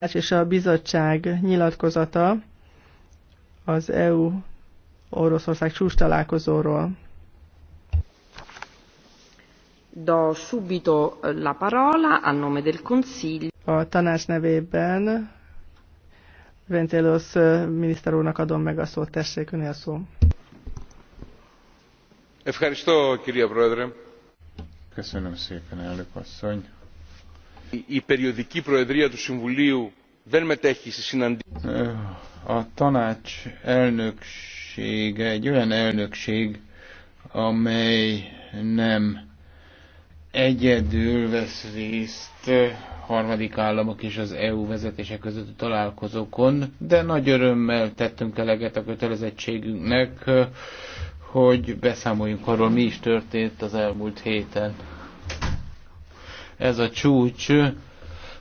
és a bizottság nyilatkozata az EU Oroszország csúcs találkozóról. Do subito la parola a nome del Consiglio. A tanács nevében Ventelos miniszter úrnak adom meg a szót, tessék önél szó. Köszönöm szépen, elnök asszony. A tanács elnöksége egy olyan elnökség, amely nem egyedül vesz részt harmadik államok és az EU vezetése közötti találkozókon, de nagy örömmel tettünk eleget a kötelezettségünknek, hogy beszámoljunk arról, mi is történt az elmúlt héten. Ez a csúcs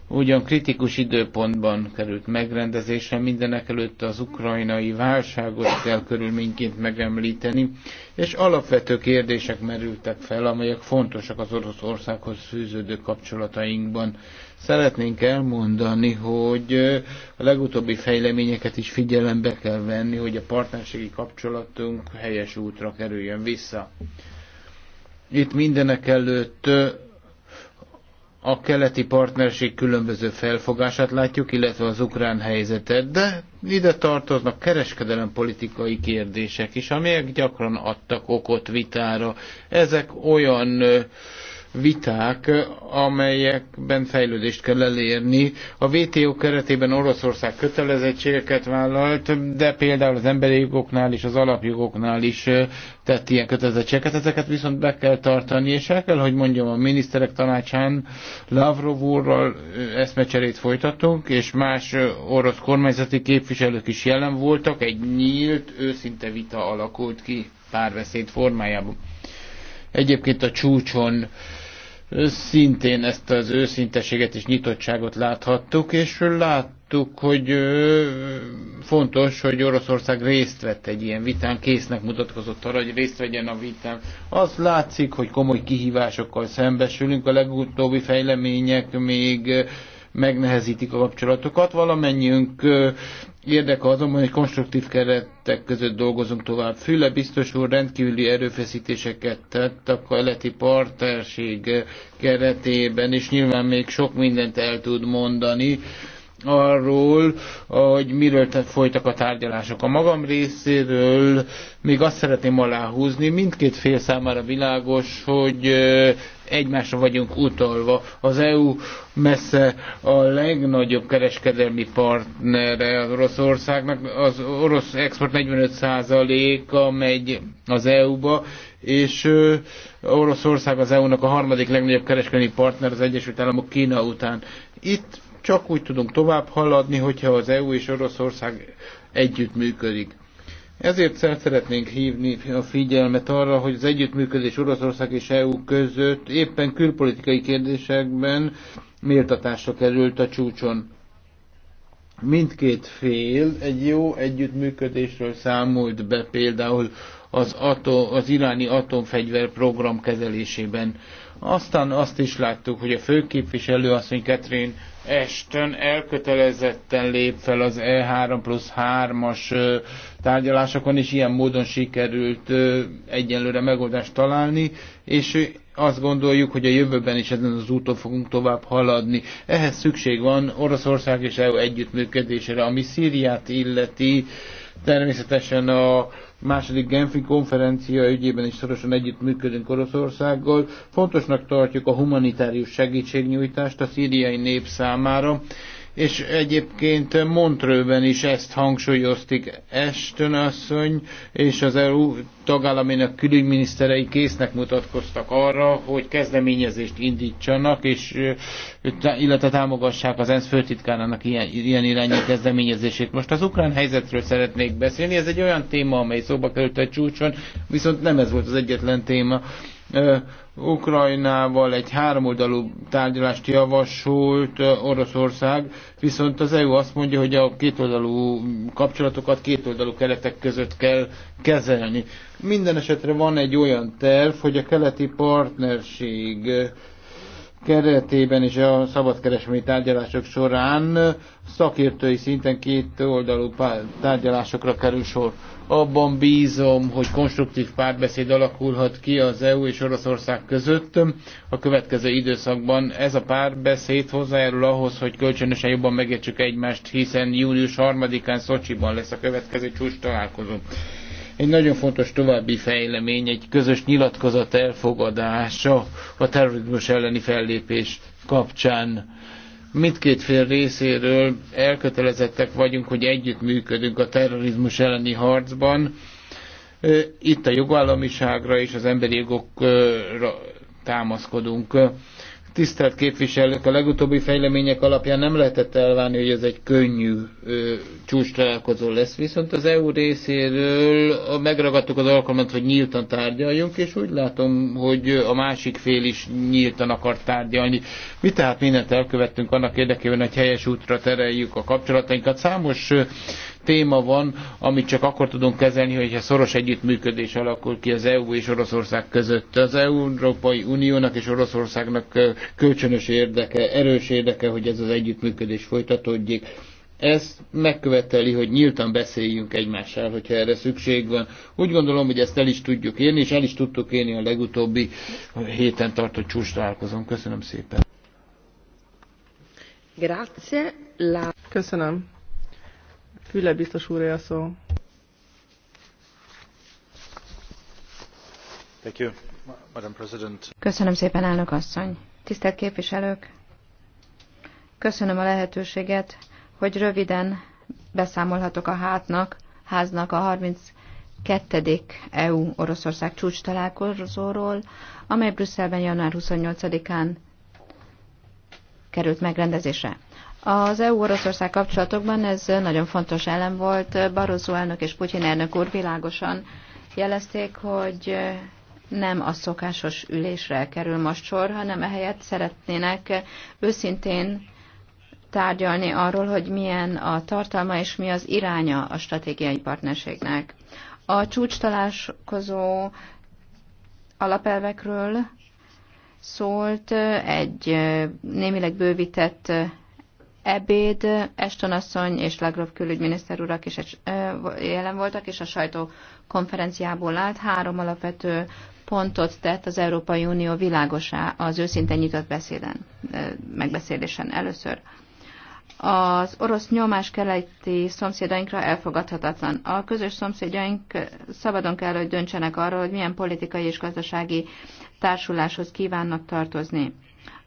ugyan kritikus időpontban került megrendezésre, mindenek előtt az ukrajnai válságot kell körülményként megemlíteni, és alapvető kérdések merültek fel, amelyek fontosak az Oroszországhoz fűződő kapcsolatainkban. Szeretnénk elmondani, hogy a legutóbbi fejleményeket is figyelembe kell venni, hogy a partnerségi kapcsolatunk helyes útra kerüljön vissza. Itt mindenek előtt a keleti partnerség különböző felfogását látjuk, illetve az ukrán helyzetet, de ide tartoznak kereskedelempolitikai kérdések is, amelyek gyakran adtak okot vitára. Ezek olyan viták, amelyekben fejlődést kell elérni. A WTO keretében Oroszország kötelezettségeket vállalt, de például az emberi jogoknál és az alapjogoknál is tett ilyen kötelezettségeket. Ezeket viszont be kell tartani, és el kell, hogy mondjam, a miniszterek tanácsán Lavrov úrral eszmecserét folytatunk és más orosz kormányzati képviselők is jelen voltak, egy nyílt, őszinte vita alakult ki párbeszéd formájában. Egyébként a csúcson szintén ezt az őszinteséget és nyitottságot láthattuk, és láttuk, hogy fontos, hogy Oroszország részt vett egy ilyen vitán, késznek mutatkozott arra, hogy részt vegyen a vitán. Az látszik, hogy komoly kihívásokkal szembesülünk, a legutóbbi fejlemények még megnehezítik a kapcsolatokat, valamennyiünk Érdeke azonban, hogy konstruktív keretek között dolgozunk tovább. Füle biztos úr rendkívüli erőfeszítéseket tett a keleti partnerség keretében, és nyilván még sok mindent el tud mondani arról, hogy miről folytak a tárgyalások. A magam részéről még azt szeretném aláhúzni, mindkét fél számára világos, hogy egymásra vagyunk utalva. Az EU messze a legnagyobb kereskedelmi partnere az Oroszországnak. Az orosz export 45%-a megy az EU-ba, és Oroszország az EU-nak a harmadik legnagyobb kereskedelmi partner az Egyesült Államok Kína után. Itt csak úgy tudunk tovább haladni, hogyha az EU és Oroszország együttműködik. Ezért szeretnénk hívni a figyelmet arra, hogy az együttműködés Oroszország és EU között éppen külpolitikai kérdésekben méltatásra került a csúcson. Mindkét fél egy jó együttműködésről számolt be például az, atom, az iráni atomfegyver program kezelésében. Aztán azt is láttuk, hogy a főképviselő asszony Catherine Ashton elkötelezetten lép fel az E3 plusz 3-as tárgyalásokon, és ilyen módon sikerült egyenlőre megoldást találni, és azt gondoljuk, hogy a jövőben is ezen az úton fogunk tovább haladni. Ehhez szükség van Oroszország és EU együttműködésére, ami Szíriát illeti, természetesen a második Genfi konferencia ügyében is szorosan együttműködünk Oroszországgal. Fontosnak tartjuk a humanitárius segítségnyújtást a szíriai nép számára, és egyébként Montrőben is ezt hangsúlyozték Ashton asszony, és az EU tagállamének külügyminiszterei késznek mutatkoztak arra, hogy kezdeményezést indítsanak, és illetve támogassák az ENSZ főtitkárának ilyen, ilyen irányú kezdeményezését. Most az ukrán helyzetről szeretnék beszélni, ez egy olyan téma, amely szóba került a csúcson, viszont nem ez volt az egyetlen téma. Ukrajnával egy háromoldalú tárgyalást javasolt Oroszország, viszont az EU azt mondja, hogy a kétoldalú kapcsolatokat kétoldalú keretek között kell kezelni. Minden esetre van egy olyan terv, hogy a keleti partnerség keretében és a szabadkeresmény tárgyalások során szakértői szinten két oldalú tárgyalásokra kerül sor. Abban bízom, hogy konstruktív párbeszéd alakulhat ki az EU és Oroszország között a következő időszakban. Ez a párbeszéd hozzájárul ahhoz, hogy kölcsönösen jobban megértsük egymást, hiszen július 3-án Szocsiban lesz a következő csúcs találkozó. Egy nagyon fontos további fejlemény, egy közös nyilatkozat elfogadása a terrorizmus elleni fellépés kapcsán mindkét fél részéről elkötelezettek vagyunk, hogy együtt működünk a terrorizmus elleni harcban. Itt a jogállamiságra és az emberi jogokra támaszkodunk. Tisztelt képviselők, a legutóbbi fejlemények alapján nem lehetett elvárni, hogy ez egy könnyű ö, csúcstalálkozó lesz, viszont az EU részéről megragadtuk az alkalmat, hogy nyíltan tárgyaljunk, és úgy látom, hogy a másik fél is nyíltan akar tárgyalni. Mi tehát mindent elkövettünk annak érdekében, hogy helyes útra tereljük a kapcsolatainkat. Számos téma van, amit csak akkor tudunk kezelni, hogyha szoros együttműködés alakul ki az EU és Oroszország között. Az e Európai Uniónak és Oroszországnak kölcsönös érdeke, erős érdeke, hogy ez az együttműködés folytatódjék. Ez megköveteli, hogy nyíltan beszéljünk egymással, hogyha erre szükség van. Úgy gondolom, hogy ezt el is tudjuk élni, és el is tudtuk élni a legutóbbi héten tartott csúcs találkozón. Köszönöm szépen. Grazie. La... Köszönöm. Füle biztos úrja a szó. Thank you, Madam President. Köszönöm szépen, elnök asszony. Tisztelt képviselők, köszönöm a lehetőséget, hogy röviden beszámolhatok a hátnak, háznak a 30 kettedik EU-Oroszország csúcs találkozóról, amely Brüsszelben január 28-án került megrendezésre. Az EU-Oroszország kapcsolatokban ez nagyon fontos elem volt. Barozó elnök és Putyin elnök úr világosan jelezték, hogy nem a szokásos ülésre kerül most sor, hanem ehelyett szeretnének őszintén tárgyalni arról, hogy milyen a tartalma és mi az iránya a stratégiai partnerségnek. A csúcs találkozó alapelvekről szólt egy némileg bővített ebéd Eston asszony és Lagrov külügyminiszter urak is jelen voltak, és a sajtókonferenciából állt. Három alapvető pontot tett az Európai Unió világosá az őszinte nyitott beszéden, megbeszélésen először. Az orosz nyomás keleti szomszédainkra elfogadhatatlan. A közös szomszédjaink szabadon kell, hogy döntsenek arról, hogy milyen politikai és gazdasági társuláshoz kívánnak tartozni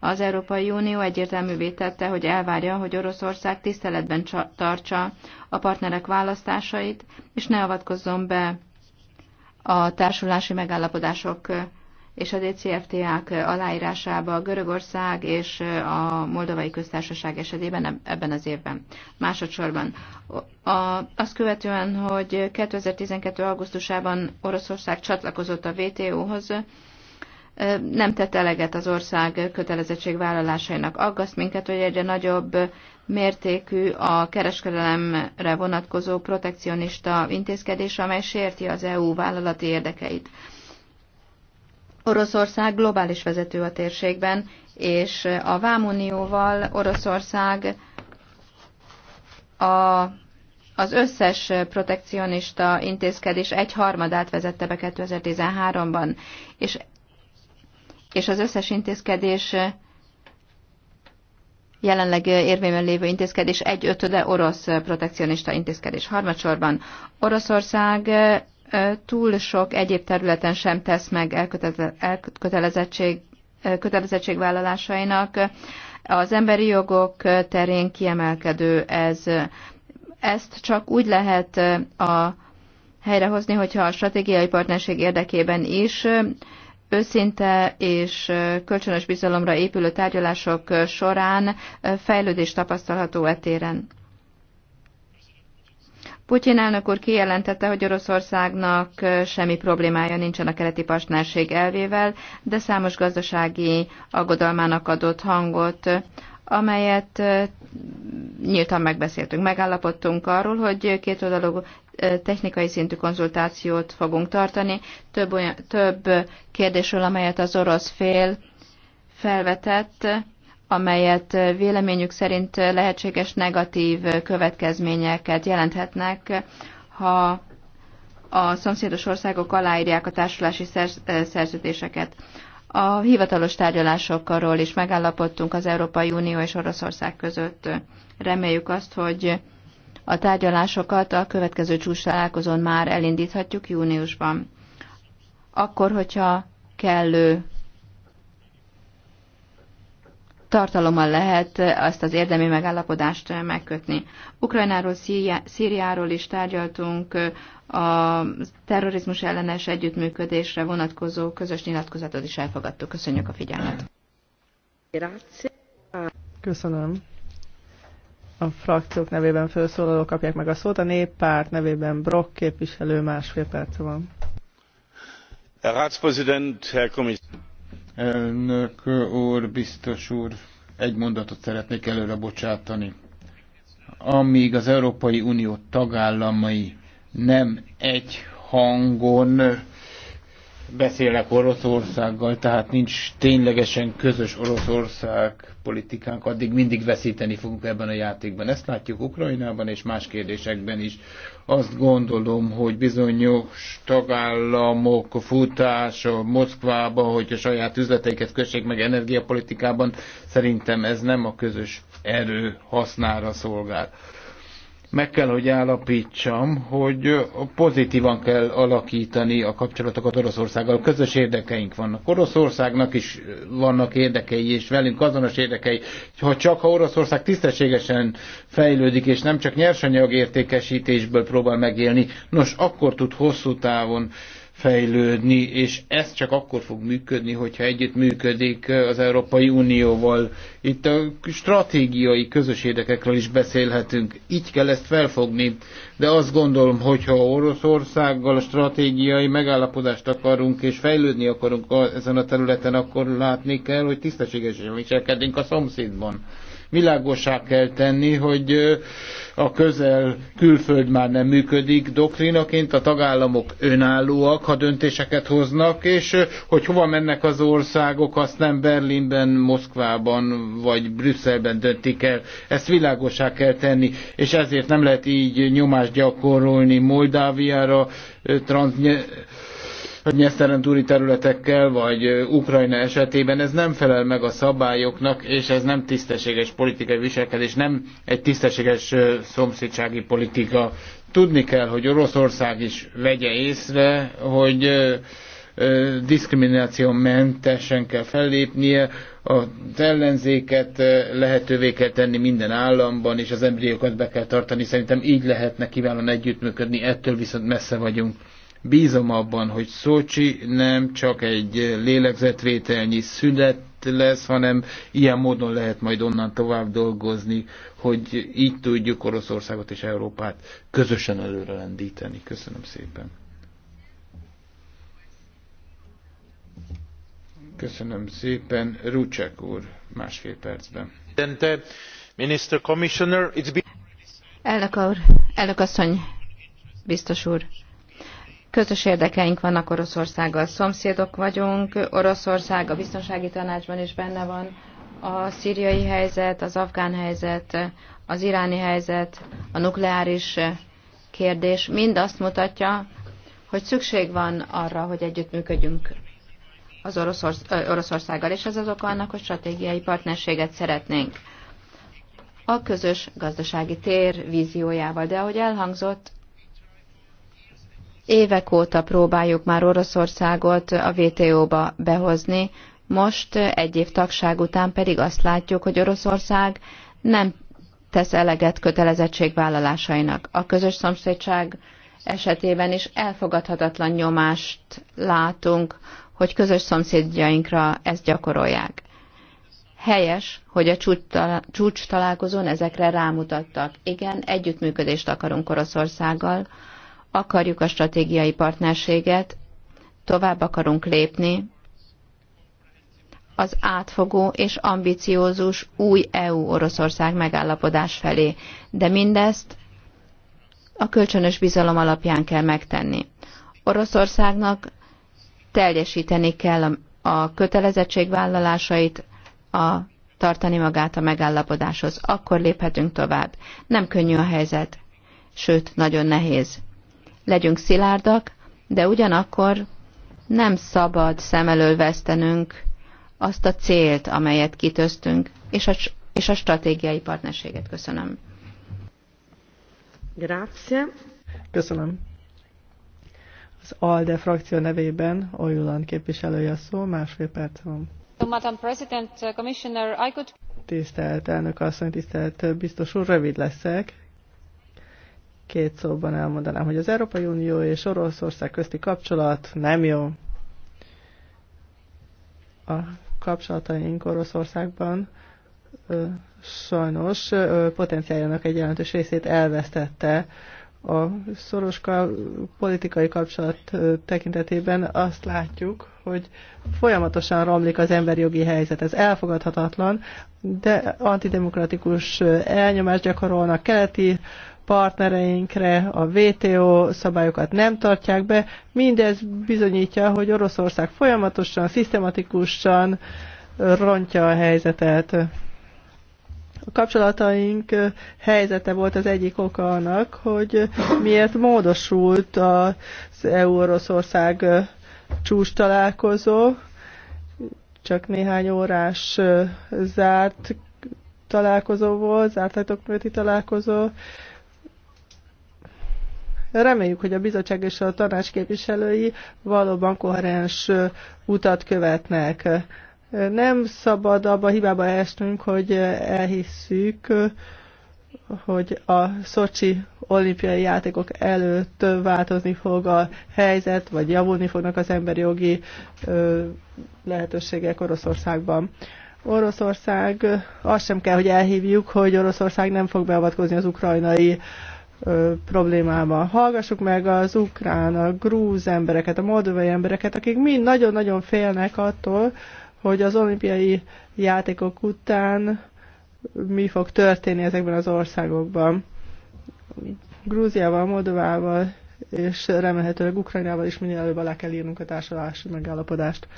az Európai Unió egyértelművé tette, hogy elvárja, hogy Oroszország tiszteletben tartsa a partnerek választásait, és ne avatkozzon be a társulási megállapodások és a DCFTA-k aláírásába Görögország és a Moldovai Köztársaság esetében ebben az évben. Másodszorban a, azt követően, hogy 2012. augusztusában Oroszország csatlakozott a WTO-hoz, nem tett eleget az ország kötelezettségvállalásainak. Aggaszt minket, hogy egyre nagyobb mértékű a kereskedelemre vonatkozó protekcionista intézkedés, amely sérti az EU vállalati érdekeit. Oroszország globális vezető a térségben, és a Vámunióval Oroszország a, az összes protekcionista intézkedés egy harmadát vezette be 2013-ban, és és az összes intézkedés jelenleg érvényben lévő intézkedés egy ötöde orosz protekcionista intézkedés. Harmadsorban Oroszország túl sok egyéb területen sem tesz meg elkötelezettség, kötelezettségvállalásainak. Az emberi jogok terén kiemelkedő ez. Ezt csak úgy lehet a helyrehozni, hogyha a stratégiai partnerség érdekében is Őszinte és kölcsönös bizalomra épülő tárgyalások során fejlődés tapasztalható etéren. Putyin elnök úr kijelentette, hogy Oroszországnak semmi problémája nincsen a keleti partnerség elvével, de számos gazdasági aggodalmának adott hangot amelyet nyíltan megbeszéltünk. Megállapodtunk arról, hogy két oldalú technikai szintű konzultációt fogunk tartani több, olyan, több kérdésről, amelyet az orosz fél felvetett, amelyet véleményük szerint lehetséges negatív következményeket jelenthetnek, ha a szomszédos országok aláírják a társulási szerződéseket. A hivatalos tárgyalásokról is megállapodtunk az Európai Unió és Oroszország között. Reméljük azt, hogy a tárgyalásokat a következő csúcs találkozón már elindíthatjuk júniusban. Akkor, hogyha kellő tartalommal lehet azt az érdemi megállapodást megkötni. Ukrajnáról, Szíriáról is tárgyaltunk a terrorizmus ellenes együttműködésre vonatkozó közös nyilatkozatot is elfogadtuk. Köszönjük a figyelmet. Köszönöm. A frakciók nevében felszólaló kapják meg a szót. A néppárt nevében Brock képviselő másfél perc van. Herr Ratspräsident, Herr Kommissar! Elnök úr, biztos úr, egy mondatot szeretnék előre bocsátani. Amíg az Európai Unió tagállamai nem egy hangon beszélek Oroszországgal, tehát nincs ténylegesen közös Oroszország politikánk, addig mindig veszíteni fogunk ebben a játékban. Ezt látjuk Ukrajnában és más kérdésekben is. Azt gondolom, hogy bizonyos tagállamok futása Moszkvába, hogy a saját üzleteiket kössék meg energiapolitikában, szerintem ez nem a közös erő hasznára szolgál meg kell, hogy állapítsam, hogy pozitívan kell alakítani a kapcsolatokat Oroszországgal. Közös érdekeink vannak. Oroszországnak is vannak érdekei, és velünk azonos érdekei. Ha csak ha Oroszország tisztességesen fejlődik, és nem csak nyersanyag értékesítésből próbál megélni, nos, akkor tud hosszú távon uh, fejlődni, és ez csak akkor fog működni, hogyha együtt működik az Európai Unióval. Itt a stratégiai közös érdekekről is beszélhetünk. Így kell ezt felfogni, de azt gondolom, hogyha Oroszországgal a stratégiai megállapodást akarunk, és fejlődni akarunk ezen a területen, akkor látni kell, hogy tisztességesen viselkedünk a szomszédban. Világosá kell tenni, hogy a közel külföld már nem működik doktrinaként, a tagállamok önállóak, ha döntéseket hoznak, és hogy hova mennek az országok, azt nem Berlinben, Moszkvában vagy Brüsszelben döntik el. Ezt világosá kell tenni, és ezért nem lehet így nyomást gyakorolni Moldáviára, Transz a nyesztelen túri területekkel, vagy Ukrajna esetében. Ez nem felel meg a szabályoknak, és ez nem tisztességes politikai viselkedés, nem egy tisztességes szomszédsági politika. Tudni kell, hogy Oroszország is vegye észre, hogy diszkriminációmentesen kell fellépnie, az ellenzéket lehetővé kell tenni minden államban, és az embriókat be kell tartani. Szerintem így lehetne kiválóan együttműködni, ettől viszont messze vagyunk. Bízom abban, hogy Szócsi nem csak egy lélegzetvételnyi szület lesz, hanem ilyen módon lehet majd onnan tovább dolgozni, hogy így tudjuk Oroszországot és Európát közösen előre lendíteni. Köszönöm szépen. Köszönöm szépen. Rucsek úr, másfél percben. Elnök úr, elnök asszony, biztos úr, Közös érdekeink vannak Oroszországgal, szomszédok vagyunk, Oroszország a biztonsági tanácsban is benne van, a szíriai helyzet, az afgán helyzet, az iráni helyzet, a nukleáris kérdés mind azt mutatja, hogy szükség van arra, hogy együttműködjünk az Oroszorsz Oroszországgal, és ez az oka annak, hogy stratégiai partnerséget szeretnénk. A közös gazdasági tér víziójával, de ahogy elhangzott, Évek óta próbáljuk már Oroszországot a WTO-ba behozni, most egy év tagság után pedig azt látjuk, hogy Oroszország nem tesz eleget kötelezettségvállalásainak. A közös szomszédság esetében is elfogadhatatlan nyomást látunk, hogy közös szomszédjainkra ezt gyakorolják. Helyes, hogy a csúcs találkozón ezekre rámutattak. Igen, együttműködést akarunk Oroszországgal, akarjuk a stratégiai partnerséget, tovább akarunk lépni az átfogó és ambiciózus új EU-Oroszország megállapodás felé, de mindezt a kölcsönös bizalom alapján kell megtenni. Oroszországnak teljesíteni kell a kötelezettségvállalásait, a tartani magát a megállapodáshoz. Akkor léphetünk tovább. Nem könnyű a helyzet, sőt, nagyon nehéz legyünk szilárdak, de ugyanakkor nem szabad szem elől vesztenünk azt a célt, amelyet kitöztünk, és a, és a stratégiai partnerséget. Köszönöm. Grazie. Köszönöm. Az ALDE frakció nevében Ojulan képviselője a szó, másfél perc van. Madam President, uh, Commissioner, I could... Tisztelt elnök asszony, tisztelt uh, biztos úr, rövid leszek két szóban elmondanám, hogy az Európai Unió és Oroszország közti kapcsolat nem jó. A kapcsolataink Oroszországban ö, sajnos ö, potenciáljának egy jelentős részét elvesztette. A szoros politikai kapcsolat ö, tekintetében azt látjuk, hogy folyamatosan romlik az emberi jogi helyzet. Ez elfogadhatatlan, de antidemokratikus elnyomást gyakorolnak keleti partnereinkre, a WTO szabályokat nem tartják be. Mindez bizonyítja, hogy Oroszország folyamatosan, szisztematikusan rontja a helyzetet. A kapcsolataink helyzete volt az egyik oka annak, hogy miért módosult az EU-Oroszország csúcs találkozó, csak néhány órás zárt találkozó volt, zárt találkozó, Reméljük, hogy a bizottság és a tanács képviselői valóban koherens utat követnek. Nem szabad abba a hibába esnünk, hogy elhisszük, hogy a Szocsi olimpiai játékok előtt változni fog a helyzet, vagy javulni fognak az emberi jogi lehetőségek Oroszországban. Oroszország, azt sem kell, hogy elhívjuk, hogy Oroszország nem fog beavatkozni az ukrajnai problémával. Hallgassuk meg az ukrán, a grúz embereket, a moldovai embereket, akik mind nagyon-nagyon félnek attól, hogy az olimpiai játékok után mi fog történni ezekben az országokban. Grúziával, Moldovával és remélhetőleg Ukrajnával is minél előbb alá kell írnunk a társadalási megállapodást.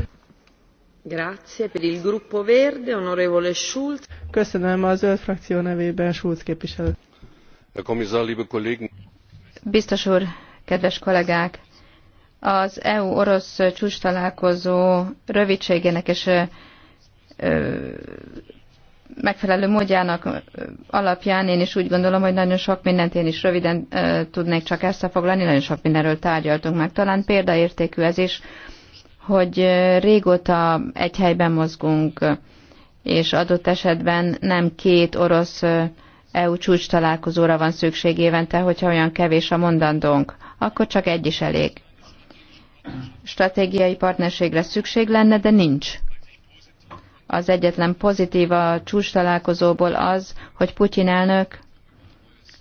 Grazie per il gruppo verde, onorevole Schulz. Köszönöm az zöld frakció nevében Schulz képviselő. Herr Kommissar, liebe Kollegen! Biztos úr, kedves kollégák! Az EU-orosz csúcstalálkozó rövidségének és megfelelő módjának alapján én is úgy gondolom, hogy nagyon sok mindent én is röviden tudnék csak összefoglalni, nagyon sok mindenről tárgyaltunk meg. Talán példaértékű ez is, hogy régóta egy helyben mozgunk, és adott esetben nem két orosz EU csúcs találkozóra van szükség évente, hogyha olyan kevés a mondandónk, akkor csak egy is elég. Stratégiai partnerségre szükség lenne, de nincs. Az egyetlen pozitív a csúcs találkozóból az, hogy Putyin elnök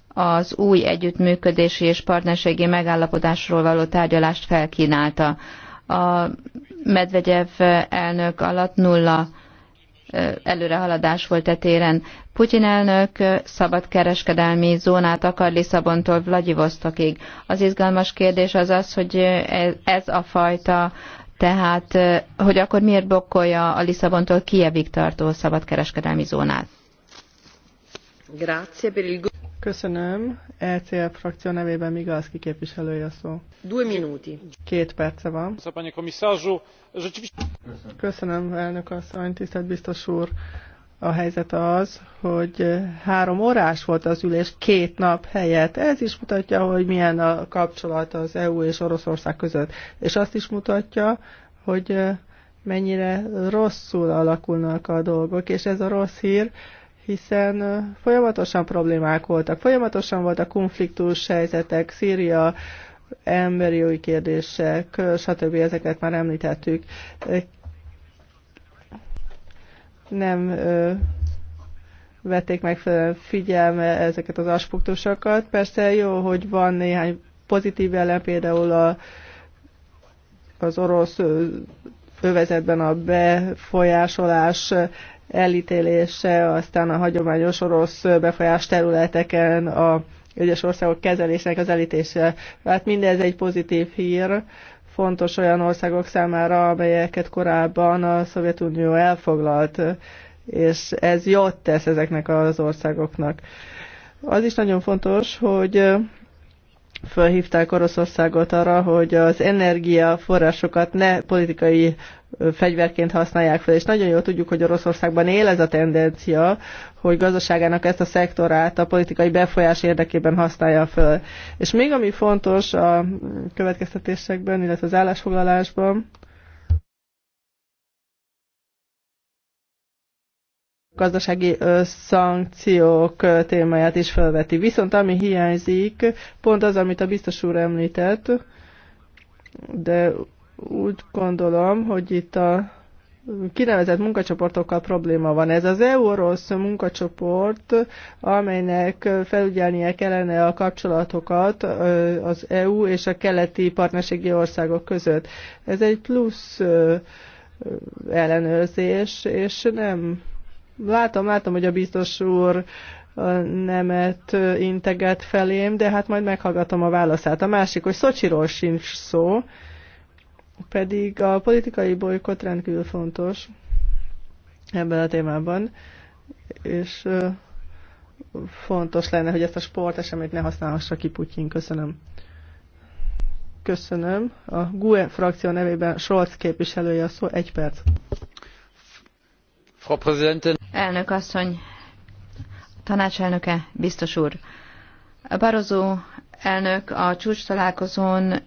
az új együttműködési és partnerségi megállapodásról való tárgyalást felkínálta. A Medvegyev elnök alatt nulla előrehaladás volt e téren. Putyin elnök szabad kereskedelmi zónát akar Lisszabontól Vladivostokig. Az izgalmas kérdés az az, hogy e, ez a fajta tehát, hogy akkor miért bokkolja a Lisszabontól Kievig tartó kereskedelmi zónát? Köszönöm. ECL frakció nevében Migalszki képviselője a szó. Due minuti. Két perce van. Köszönöm, elnök asszony, tisztelt biztos úr. A helyzet az, hogy három órás volt az ülés két nap helyett. Ez is mutatja, hogy milyen a kapcsolat az EU és Oroszország között. És azt is mutatja, hogy mennyire rosszul alakulnak a dolgok. És ez a rossz hír, hiszen folyamatosan problémák voltak, folyamatosan voltak konfliktus helyzetek, Szíria, emberi jogi kérdések, stb. ezeket már említettük. Nem vették meg figyelme ezeket az aspektusokat. Persze jó, hogy van néhány pozitív ellen, például a, az orosz övezetben a befolyásolás elítélése, aztán a hagyományos orosz befolyás területeken a egyes országok kezelésének az elítése. Hát mindez egy pozitív hír, fontos olyan országok számára, amelyeket korábban a Szovjetunió elfoglalt, és ez jót tesz ezeknek az országoknak. Az is nagyon fontos, hogy felhívták Oroszországot arra, hogy az energiaforrásokat ne politikai fegyverként használják fel, és nagyon jól tudjuk, hogy Oroszországban él ez a tendencia, hogy gazdaságának ezt a szektorát a politikai befolyás érdekében használja föl. És még ami fontos a következtetésekben, illetve az állásfoglalásban, gazdasági szankciók témáját is felveti. Viszont ami hiányzik, pont az, amit a biztos úr említett, de úgy gondolom, hogy itt a kinevezett munkacsoportokkal probléma van. Ez az EU-ről Eurosz munkacsoport, amelynek felügyelnie kellene a kapcsolatokat az EU és a keleti partnerségi országok között. Ez egy plusz ellenőrzés, és nem látom, látom, hogy a biztos úr nemet integet felém, de hát majd meghallgatom a válaszát. A másik, hogy Szocsiról sincs szó, pedig a politikai bolykot rendkívül fontos ebben a témában, és fontos lenne, hogy ezt a sporteseményt ne használhassa ki Putyin. Köszönöm. Köszönöm. A GUE frakció nevében Scholz képviselője a szó. Egy perc. Frau Präsidentin. Elnök asszony, tanácselnöke, biztos úr. Barozó elnök a csúcs találkozón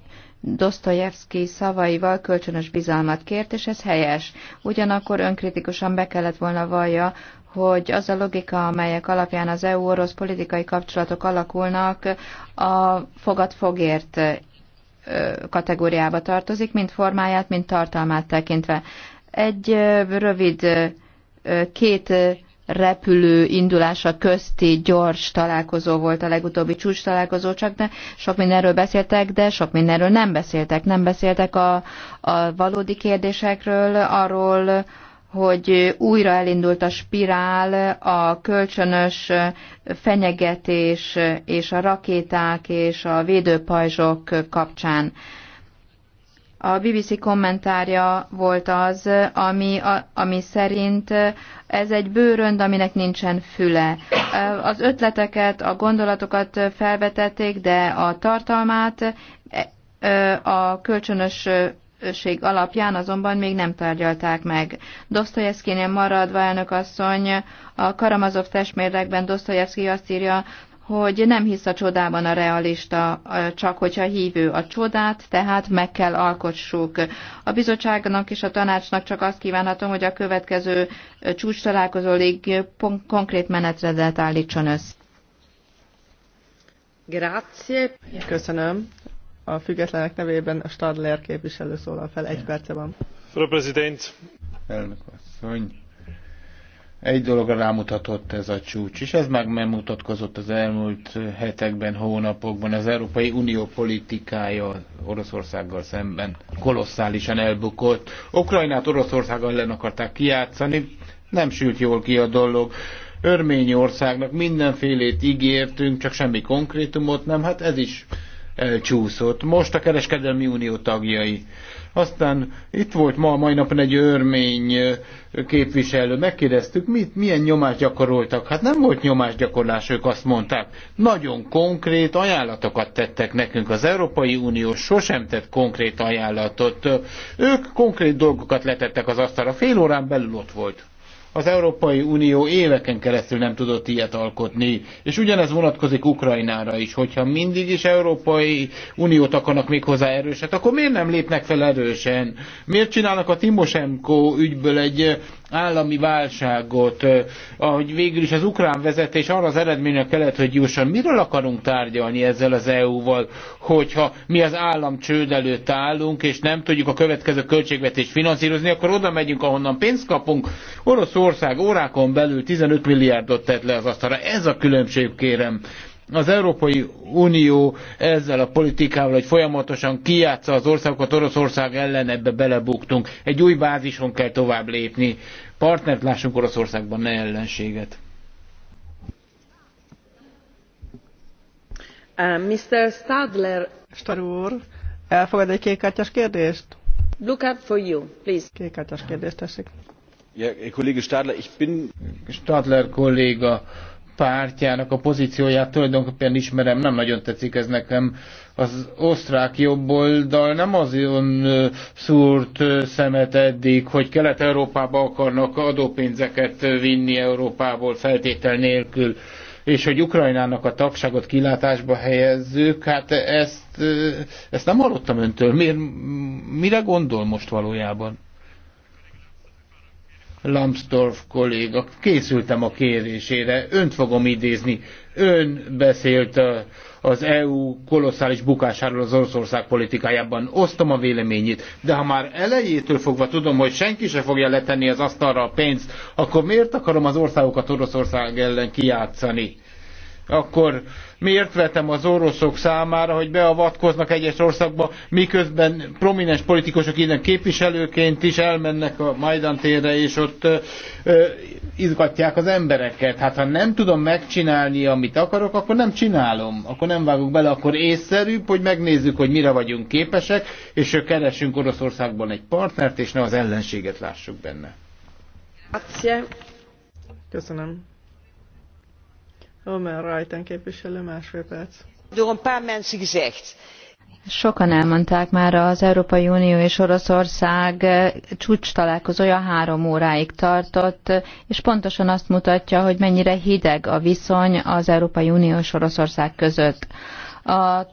Dostoyevsky szavaival kölcsönös bizalmat kért, és ez helyes. Ugyanakkor önkritikusan be kellett volna vallja, hogy az a logika, amelyek alapján az EU-orosz politikai kapcsolatok alakulnak, a fogad fogért kategóriába tartozik, mind formáját, mind tartalmát tekintve. Egy rövid két repülő indulása közti gyors találkozó volt a legutóbbi csúcs találkozó, csak ne, sok mindenről beszéltek, de sok mindenről nem beszéltek. Nem beszéltek a, a valódi kérdésekről, arról, hogy újra elindult a spirál, a kölcsönös fenyegetés és a rakéták és a védőpajzsok kapcsán. A BBC kommentárja volt az, ami, a, ami szerint ez egy bőrönd, aminek nincsen füle. Az ötleteket, a gondolatokat felvetették, de a tartalmát e, a kölcsönös alapján azonban még nem tárgyalták meg. Dostoyevszkinél maradva elnök asszony a Karamazov testmérlekben Dostoyevsky azt írja, hogy nem hisz a csodában a realista, csak hogyha hívő a csodát, tehát meg kell alkotsuk. A bizottságnak és a tanácsnak csak azt kívánhatom, hogy a következő csúcs találkozóig konkrét menetrendet állítson össze. Grazie. Köszönöm. A függetlenek nevében a Stadler képviselő szólal fel. Egy perce van. Frau Präsident. Elnök asszony egy dologra rámutatott ez a csúcs, és ez meg megmutatkozott az elmúlt hetekben, hónapokban. Az Európai Unió politikája Oroszországgal szemben kolosszálisan elbukott. Ukrajnát Oroszország ellen akarták kiátszani, nem sült jól ki a dolog. Örményországnak mindenfélét ígértünk, csak semmi konkrétumot nem, hát ez is elcsúszott. Most a kereskedelmi unió tagjai. Aztán itt volt ma a mai napon egy örmény képviselő, megkérdeztük, mit, milyen nyomást gyakoroltak. Hát nem volt nyomásgyakorlás, ők azt mondták. Nagyon konkrét ajánlatokat tettek nekünk. Az Európai Unió sosem tett konkrét ajánlatot. Ők konkrét dolgokat letettek az asztalra. Fél órán belül ott volt. Az Európai Unió éveken keresztül nem tudott ilyet alkotni, és ugyanez vonatkozik Ukrajnára is, hogyha mindig is Európai Uniót akarnak még hozzá erőset, akkor miért nem lépnek fel erősen? Miért csinálnak a Timosenko ügyből egy állami válságot, ahogy végül is az ukrán vezetés arra az eredménye kellett, hogy jusson. Miről akarunk tárgyalni ezzel az EU-val, hogyha mi az állam csőd előtt állunk, és nem tudjuk a következő költségvetést finanszírozni, akkor oda megyünk, ahonnan pénzt kapunk. Oroszország órákon belül 15 milliárdot tett le az asztalra. Ez a különbség, kérem az Európai Unió ezzel a politikával, hogy folyamatosan kijátsza az országokat Oroszország ellen, ebbe belebuktunk. Egy új bázison kell tovább lépni partnert lássunk Oroszországban, ne ellenséget. Uh, Mr. Stadler. Stadler úr, elfogad egy kékkártyás kérdést? Look up for you, please. Kékkártyás kérdést tessék. Ja, eh, kollégi Stadler, ich bin... Stadler kolléga pártjának a pozícióját tulajdonképpen ismerem, nem nagyon tetszik ez nekem az osztrák jobboldal nem azon szúrt szemet eddig, hogy Kelet-Európába akarnak adópénzeket vinni Európából feltétel nélkül, és hogy Ukrajnának a tagságot kilátásba helyezzük, hát ezt, ezt nem hallottam öntől. Miért, mire gondol most valójában? Lambsdorff kolléga, készültem a kérésére, önt fogom idézni. Ön beszélt uh, az EU kolosszális bukásáról az Oroszország politikájában. Osztom a véleményét, de ha már elejétől fogva tudom, hogy senki se fogja letenni az asztalra a pénzt, akkor miért akarom az országokat Oroszország ellen kijátszani? akkor miért vetem az oroszok számára, hogy beavatkoznak egyes országba, miközben prominens politikusok innen képviselőként is elmennek a Majdan térre, és ott ö, ö, izgatják az embereket. Hát ha nem tudom megcsinálni, amit akarok, akkor nem csinálom, akkor nem vágok bele, akkor észszerűbb, hogy megnézzük, hogy mire vagyunk képesek, és keresünk Oroszországban egy partnert, és ne az ellenséget lássuk benne. Köszönöm. Sokan elmondták már, az Európai Unió és Oroszország csúcs találkozója három óráig tartott, és pontosan azt mutatja, hogy mennyire hideg a viszony az Európai Unió és Oroszország között. A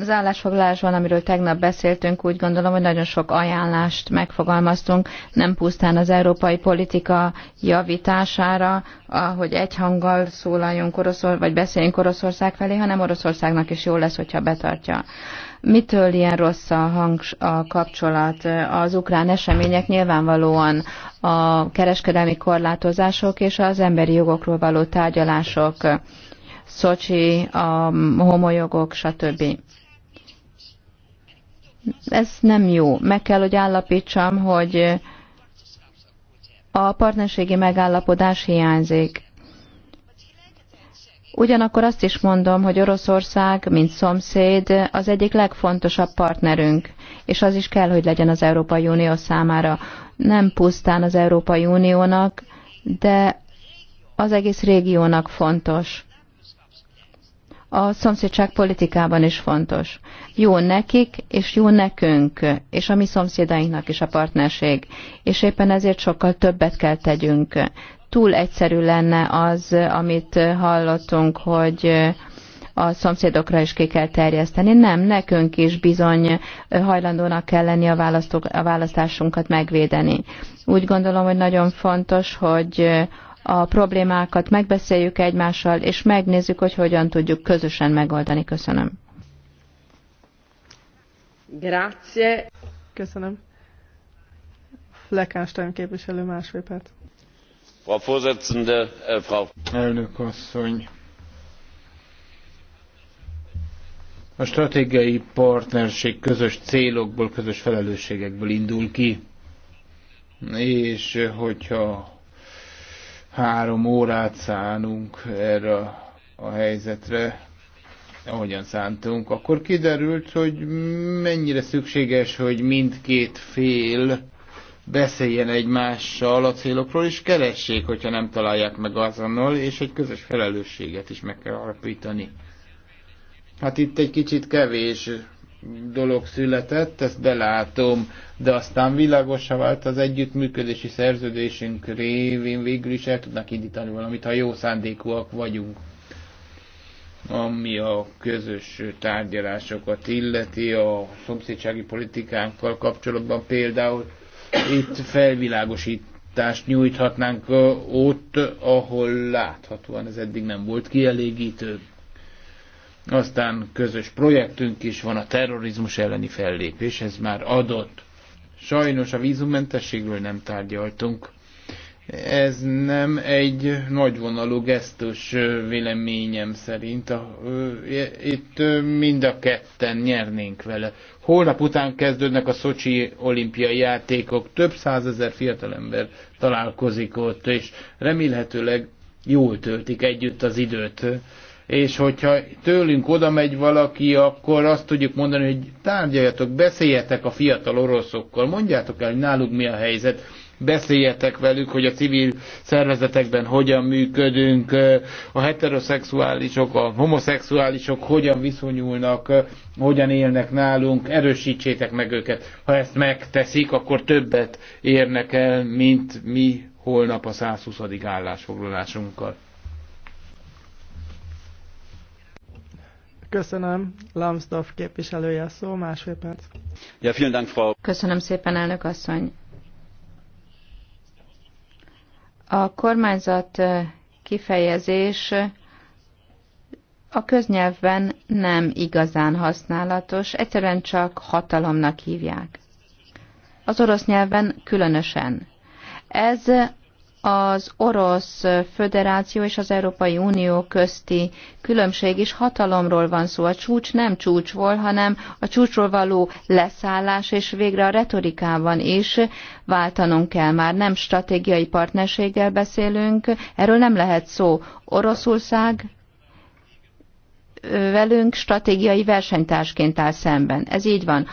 az állásfoglalásban, amiről tegnap beszéltünk, úgy gondolom, hogy nagyon sok ajánlást megfogalmaztunk, nem pusztán az európai politika javítására, hogy egyhanggal szólaljunk Oroszor, vagy beszéljünk Oroszország felé, hanem Oroszországnak is jó lesz, hogyha betartja. Mitől ilyen rossz a, hang, a kapcsolat? Az ukrán események nyilvánvalóan a kereskedelmi korlátozások és az emberi jogokról való tárgyalások, Szocsi, a homolyogok, stb. Ez nem jó. Meg kell, hogy állapítsam, hogy a partnerségi megállapodás hiányzik. Ugyanakkor azt is mondom, hogy Oroszország, mint szomszéd, az egyik legfontosabb partnerünk, és az is kell, hogy legyen az Európai Unió számára. Nem pusztán az Európai Uniónak, de az egész régiónak fontos a szomszédság politikában is fontos. Jó nekik, és jó nekünk, és a mi szomszédainknak is a partnerség. És éppen ezért sokkal többet kell tegyünk. Túl egyszerű lenne az, amit hallottunk, hogy a szomszédokra is ki kell terjeszteni. Nem, nekünk is bizony hajlandónak kell lenni a, választók, a választásunkat megvédeni. Úgy gondolom, hogy nagyon fontos, hogy a problémákat megbeszéljük egymással, és megnézzük, hogy hogyan tudjuk közösen megoldani. Köszönöm. Grazie. Köszönöm. Fleckenstein képviselő másfél perc. Frau Vorsitzende, äh, Frau... Elnök asszony, a stratégiai partnerség közös célokból, közös felelősségekből indul ki, és hogyha három órát szánunk erre a helyzetre, ahogyan szántunk, akkor kiderült, hogy mennyire szükséges, hogy mindkét fél beszéljen egymással a célokról, és keressék, hogyha nem találják meg azonnal, és egy közös felelősséget is meg kell alapítani. Hát itt egy kicsit kevés dolog született, ezt belátom, de aztán világosá vált az együttműködési szerződésünk révén végül is el tudnak indítani valamit, ha jó szándékúak vagyunk. Ami a közös tárgyalásokat illeti, a szomszédsági politikánkkal kapcsolatban például itt felvilágosítást nyújthatnánk ott, ahol láthatóan ez eddig nem volt kielégítő aztán közös projektünk is van a terrorizmus elleni fellépés, ez már adott. Sajnos a vízummentességről nem tárgyaltunk. Ez nem egy nagyvonalú gesztus véleményem szerint. Itt mind a ketten nyernénk vele. Holnap után kezdődnek a Szocsi olimpiai játékok. Több százezer fiatalember találkozik ott, és remélhetőleg jól töltik együtt az időt és hogyha tőlünk oda megy valaki, akkor azt tudjuk mondani, hogy tárgyaljatok, beszéljetek a fiatal oroszokkal, mondjátok el, hogy náluk mi a helyzet, beszéljetek velük, hogy a civil szervezetekben hogyan működünk, a heteroszexuálisok, a homoszexuálisok hogyan viszonyulnak, hogyan élnek nálunk, erősítsétek meg őket. Ha ezt megteszik, akkor többet érnek el, mint mi holnap a 120. állásfoglalásunkkal. Köszönöm. Lambsdorff képviselője a szó, másfél perc. Ja, vielen Dank, Frau. Köszönöm szépen, elnök asszony. A kormányzat kifejezés a köznyelvben nem igazán használatos, egyszerűen csak hatalomnak hívják. Az orosz nyelven különösen. Ez az Orosz Föderáció és az Európai Unió közti különbség is hatalomról van szó. A csúcs nem csúcs volt, hanem a csúcsról való leszállás, és végre a retorikában is váltanunk kell. Már nem stratégiai partnerséggel beszélünk, erről nem lehet szó. Oroszország velünk stratégiai versenytársként áll szemben. Ez így van.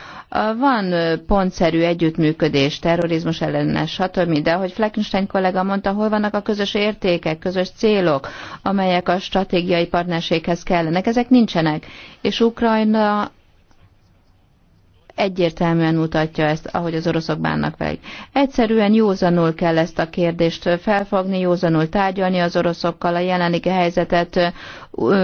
Van pontszerű együttműködés, terrorizmus ellenes, stb., de ahogy Fleckenstein kollega mondta, hol vannak a közös értékek, közös célok, amelyek a stratégiai partnerséghez kellenek. Ezek nincsenek. És Ukrajna egyértelműen mutatja ezt, ahogy az oroszok bánnak vele. Egyszerűen józanul kell ezt a kérdést felfogni, józanul tárgyalni az oroszokkal, a jelenlegi helyzetet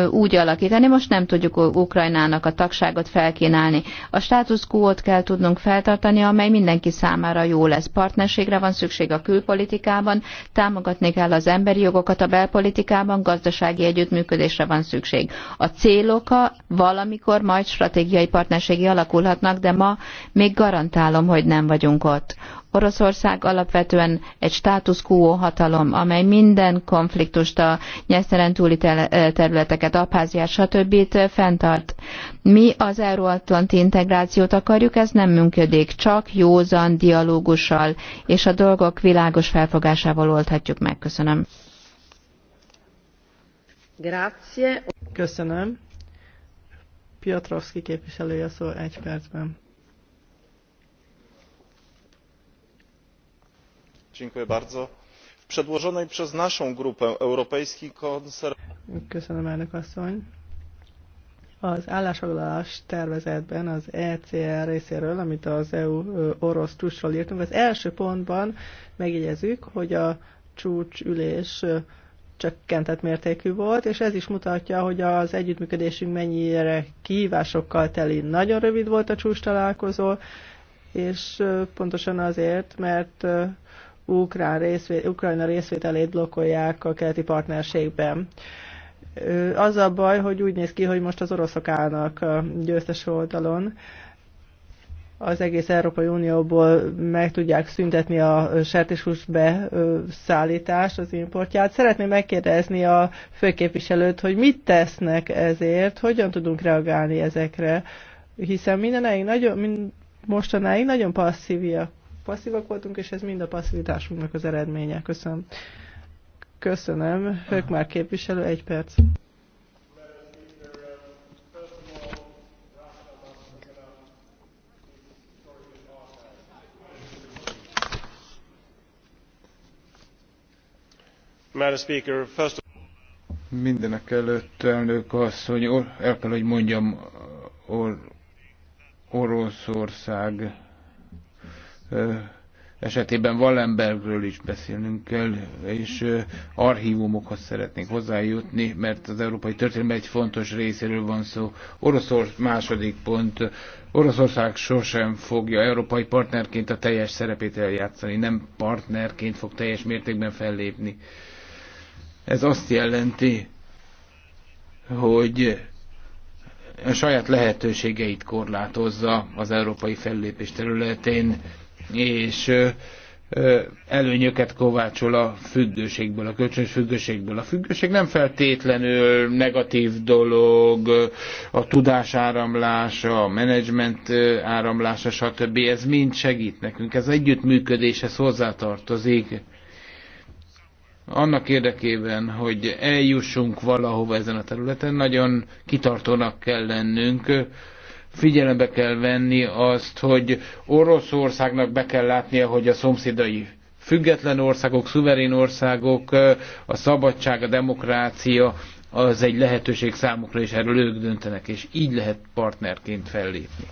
úgy alakítani. Most nem tudjuk Ukrajnának a tagságot felkínálni. A status quo-t kell tudnunk feltartani, amely mindenki számára jó lesz. Partnerségre van szükség a külpolitikában, támogatni kell az emberi jogokat a belpolitikában, gazdasági együttműködésre van szükség. A célok valamikor majd stratégiai partnerségi alakulhatnak, de ma ma, még garantálom, hogy nem vagyunk ott. Oroszország alapvetően egy status quo hatalom, amely minden konfliktust a nyeszteren túli eh, területeket, Abháziát, stb. Eh, fenntart. Mi az euróatlanti integrációt akarjuk, ez nem működik, csak józan dialógussal és a dolgok világos felfogásával oldhatjuk meg. Köszönöm. Grazie. Köszönöm. Piotrowski képviselője szól egy percben. w przedłożonej przez naszą grupę europejskich konserwatywów az állásfoglalás tervezetben az ECR részéről, amit az EU orosz csúcsról írtunk, az első pontban megjegyezzük, hogy a csúcsülés csökkentett mértékű volt, és ez is mutatja, hogy az együttműködésünk mennyire kihívásokkal teli. Nagyon rövid volt a csúcs találkozó, és pontosan azért, mert Ukrán részvét, Ukrajna részvételét blokkolják a keleti partnerségben. Az a baj, hogy úgy néz ki, hogy most az oroszok állnak a győztes oldalon. Az egész Európai Unióból meg tudják szüntetni a sertéshús beszállítást, az importját. Szeretném megkérdezni a főképviselőt, hogy mit tesznek ezért, hogyan tudunk reagálni ezekre, hiszen mindenáig nagyon, mind, mostanáig nagyon passzívia passzívak voltunk, és ez mind a passzivitásunknak az eredménye. Köszönöm. Köszönöm. Hők már képviselő, egy perc. mindenek előtt elnök asszony el kell hogy mondjam Or- oroszország esetében Wallenbergről is beszélnünk kell, és archívumokhoz szeretnénk hozzájutni, mert az európai történelem egy fontos részéről van szó. Oroszország második pont. Oroszország sosem fogja európai partnerként a teljes szerepét eljátszani, nem partnerként fog teljes mértékben fellépni. Ez azt jelenti, hogy a saját lehetőségeit korlátozza az európai fellépés területén és előnyöket kovácsol a függőségből, a kölcsönös függőségből. A függőség nem feltétlenül negatív dolog, a tudás áramlása, a menedzsment áramlása, stb. Ez mind segít nekünk, ez együttműködéshez hozzátartozik. Annak érdekében, hogy eljussunk valahova ezen a területen, nagyon kitartónak kell lennünk, Figyelembe kell venni azt, hogy Oroszországnak be kell látnia, hogy a szomszédai független országok, szuverén országok, a szabadság, a demokrácia az egy lehetőség számukra, és erről ők döntenek, és így lehet partnerként fellépni.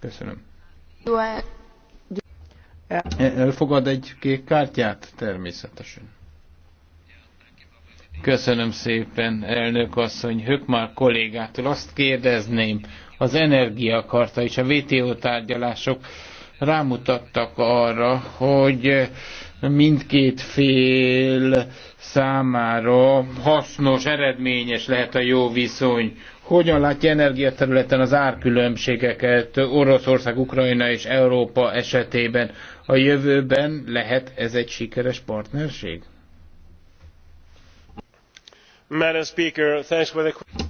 Köszönöm. Elfogad egy kék kártyát? Természetesen. Köszönöm szépen, elnök asszony. Hökmár kollégától azt kérdezném, az energiakarta és a WTO tárgyalások rámutattak arra, hogy mindkét fél számára hasznos, eredményes lehet a jó viszony. Hogyan látja energiaterületen az árkülönbségeket Oroszország, Ukrajna és Európa esetében? A jövőben lehet ez egy sikeres partnerség?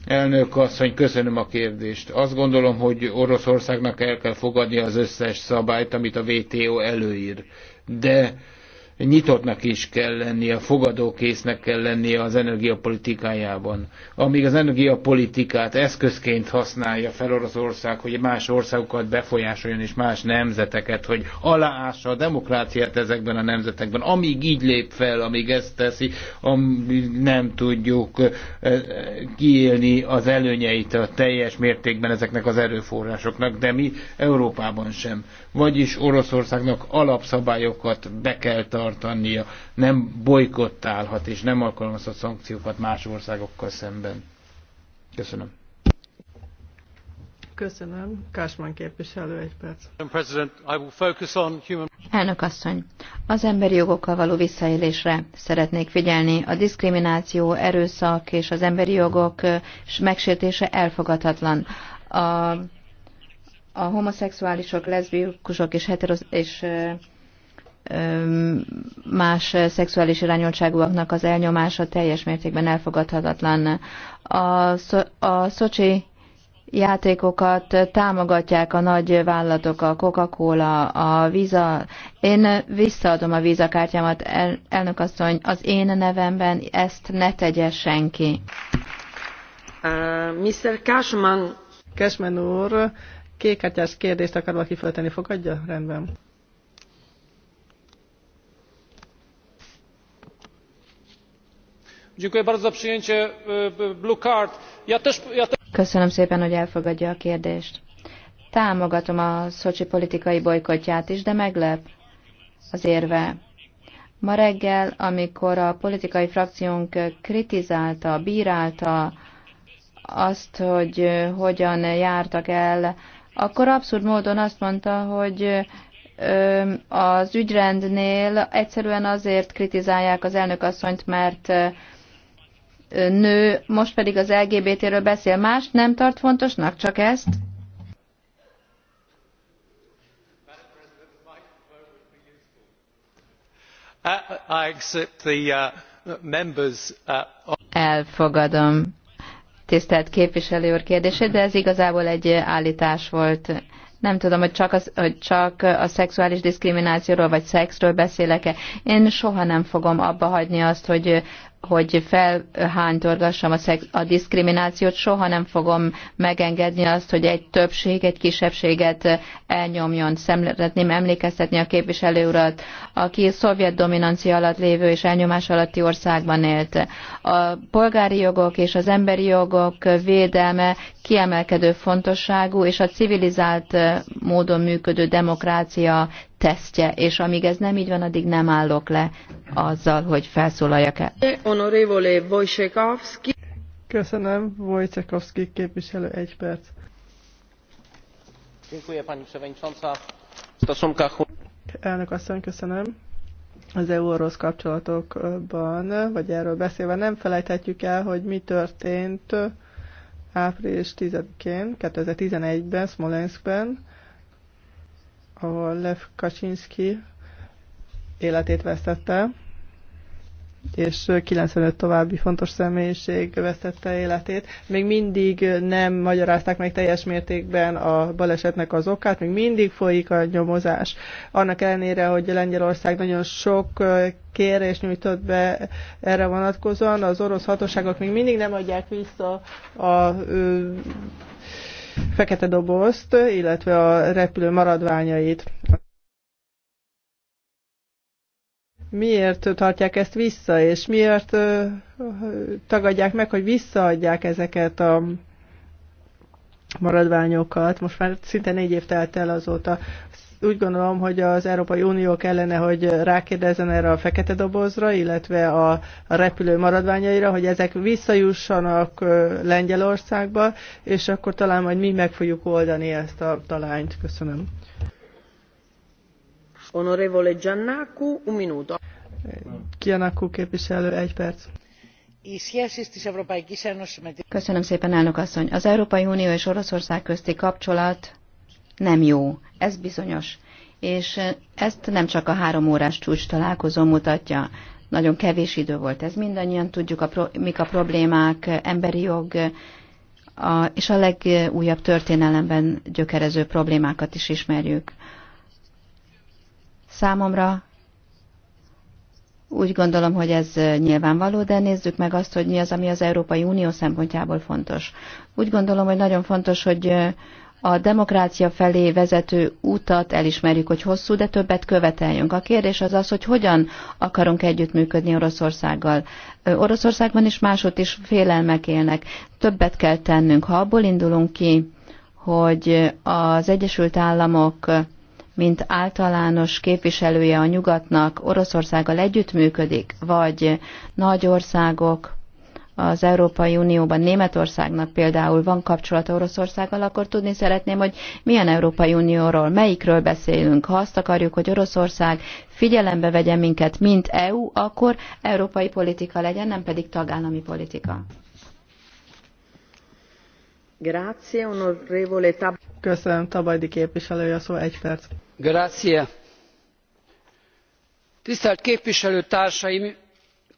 Elnök asszony, köszönöm a kérdést. Azt gondolom, hogy Oroszországnak el kell fogadnia az összes szabályt, amit a WTO előír. De nyitottnak is kell lennie, fogadókésznek kell lennie az energiapolitikájában. Amíg az energiapolitikát eszközként használja fel Oroszország, hogy más országokat befolyásoljon és más nemzeteket, hogy aláássa a demokráciát ezekben a nemzetekben, amíg így lép fel, amíg ezt teszi, amíg nem tudjuk eh, kiélni az előnyeit a teljes mértékben ezeknek az erőforrásoknak, de mi Európában sem. Vagyis Oroszországnak alapszabályokat be kell tartani tartania, nem bolykottálhat és nem alkalmazhat szankciókat más országokkal szemben. Köszönöm. Köszönöm. Kásman képviselő, egy perc. Elnök asszony, az emberi jogokkal való visszaélésre szeretnék figyelni. A diszkrimináció, erőszak és az emberi jogok megsértése elfogadhatlan. A, a homoszexuálisok, leszbikusok és, heteros, és más szexuális irányultságúaknak az elnyomása teljes mértékben elfogadhatatlan. A, szo- a szocsi játékokat támogatják a nagy vállalatok, a Coca-Cola, a Visa. Én visszaadom a Visa kártyámat, el, elnök asszony, az én nevemben ezt ne tegye senki. Uh, Mr. Cashman. Cashman úr, kékkártyás kérdést akar valaki feltenni, fogadja? Rendben. E, e, Köszönöm szépen, hogy elfogadja a kérdést. Támogatom a szocsi politikai bolykotját is, de meglep az érve. Ma reggel, amikor a politikai frakciónk kritizálta, bírálta azt, hogy e, hogyan jártak el, akkor abszurd módon azt mondta, hogy az ügyrendnél egyszerűen azért kritizálják az elnökasszonyt, mert nő, most pedig az LGBT-ről beszél. Más nem tart fontosnak, csak ezt? Uh, uh, uh, Elfogadom tisztelt képviselő úr kérdését, de ez igazából egy állítás volt. Nem tudom, hogy csak, az, hogy csak a szexuális diszkriminációról vagy szexről beszélek-e. Én soha nem fogom abba hagyni azt, hogy hogy felhánytorgassam a, szex, a diszkriminációt, soha nem fogom megengedni azt, hogy egy többség, egy kisebbséget elnyomjon. Szeretném emlékeztetni a képviselő urat, aki szovjet dominancia alatt lévő és elnyomás alatti országban élt. A polgári jogok és az emberi jogok védelme kiemelkedő fontosságú, és a civilizált módon működő demokrácia tesztje, és amíg ez nem így van, addig nem állok le azzal, hogy felszólaljak el. Honorevole Wojciechowski. Köszönöm, Wojciechowski képviselő, egy perc. Dziękuję pani przewodnicząca. W stosunkach... Elnök asszony, köszönöm. Az EU-orosz kapcsolatokban, vagy erről beszélve nem felejthetjük el, hogy mi történt április 10-én, 2011-ben, Smolenskben, ahol Lev Kaczynski életét vesztette, és 95 további fontos személyiség vesztette életét. Még mindig nem magyarázták meg teljes mértékben a balesetnek az okát, még mindig folyik a nyomozás. Annak ellenére, hogy Lengyelország nagyon sok kérés nyújtott be erre vonatkozóan, az orosz hatóságok még mindig nem adják vissza a, a fekete dobozt, illetve a repülő maradványait. Miért tartják ezt vissza, és miért tagadják meg, hogy visszaadják ezeket a maradványokat. Most már szinte négy év telt el azóta úgy gondolom, hogy az Európai Unió kellene, hogy rákérdezzen erre a fekete dobozra, illetve a repülő maradványaira, hogy ezek visszajussanak Lengyelországba, és akkor talán majd mi meg fogjuk oldani ezt a talányt. Köszönöm. Honorevole Giannaku, un minuto. Giannaku képviselő, egy perc. Köszönöm szépen, elnök asszony. Az Európai Unió és Oroszország közti kapcsolat nem jó ez bizonyos. És ezt nem csak a három órás csúcs találkozó mutatja. Nagyon kevés idő volt ez. Mindannyian tudjuk, a pro- mik a problémák, emberi jog, a, és a legújabb történelemben gyökerező problémákat is ismerjük. Számomra úgy gondolom, hogy ez nyilvánvaló, de nézzük meg azt, hogy mi az, ami az Európai Unió szempontjából fontos. Úgy gondolom, hogy nagyon fontos, hogy a demokrácia felé vezető utat elismerjük, hogy hosszú, de többet követeljünk. A kérdés az az, hogy hogyan akarunk együttműködni Oroszországgal. Oroszországban is másod is félelmek élnek. Többet kell tennünk. Ha abból indulunk ki, hogy az Egyesült Államok mint általános képviselője a nyugatnak Oroszországgal együttműködik, vagy nagy országok, az Európai Unióban Németországnak például van kapcsolata Oroszországgal, akkor tudni szeretném, hogy milyen Európai Unióról, melyikről beszélünk. Ha azt akarjuk, hogy Oroszország figyelembe vegye minket, mint EU, akkor európai politika legyen, nem pedig tagállami politika. Grazie, onorevole Tab Köszönöm, Tabajdi képviselője, szó egy perc. Grazie. Tisztelt képviselőtársaim,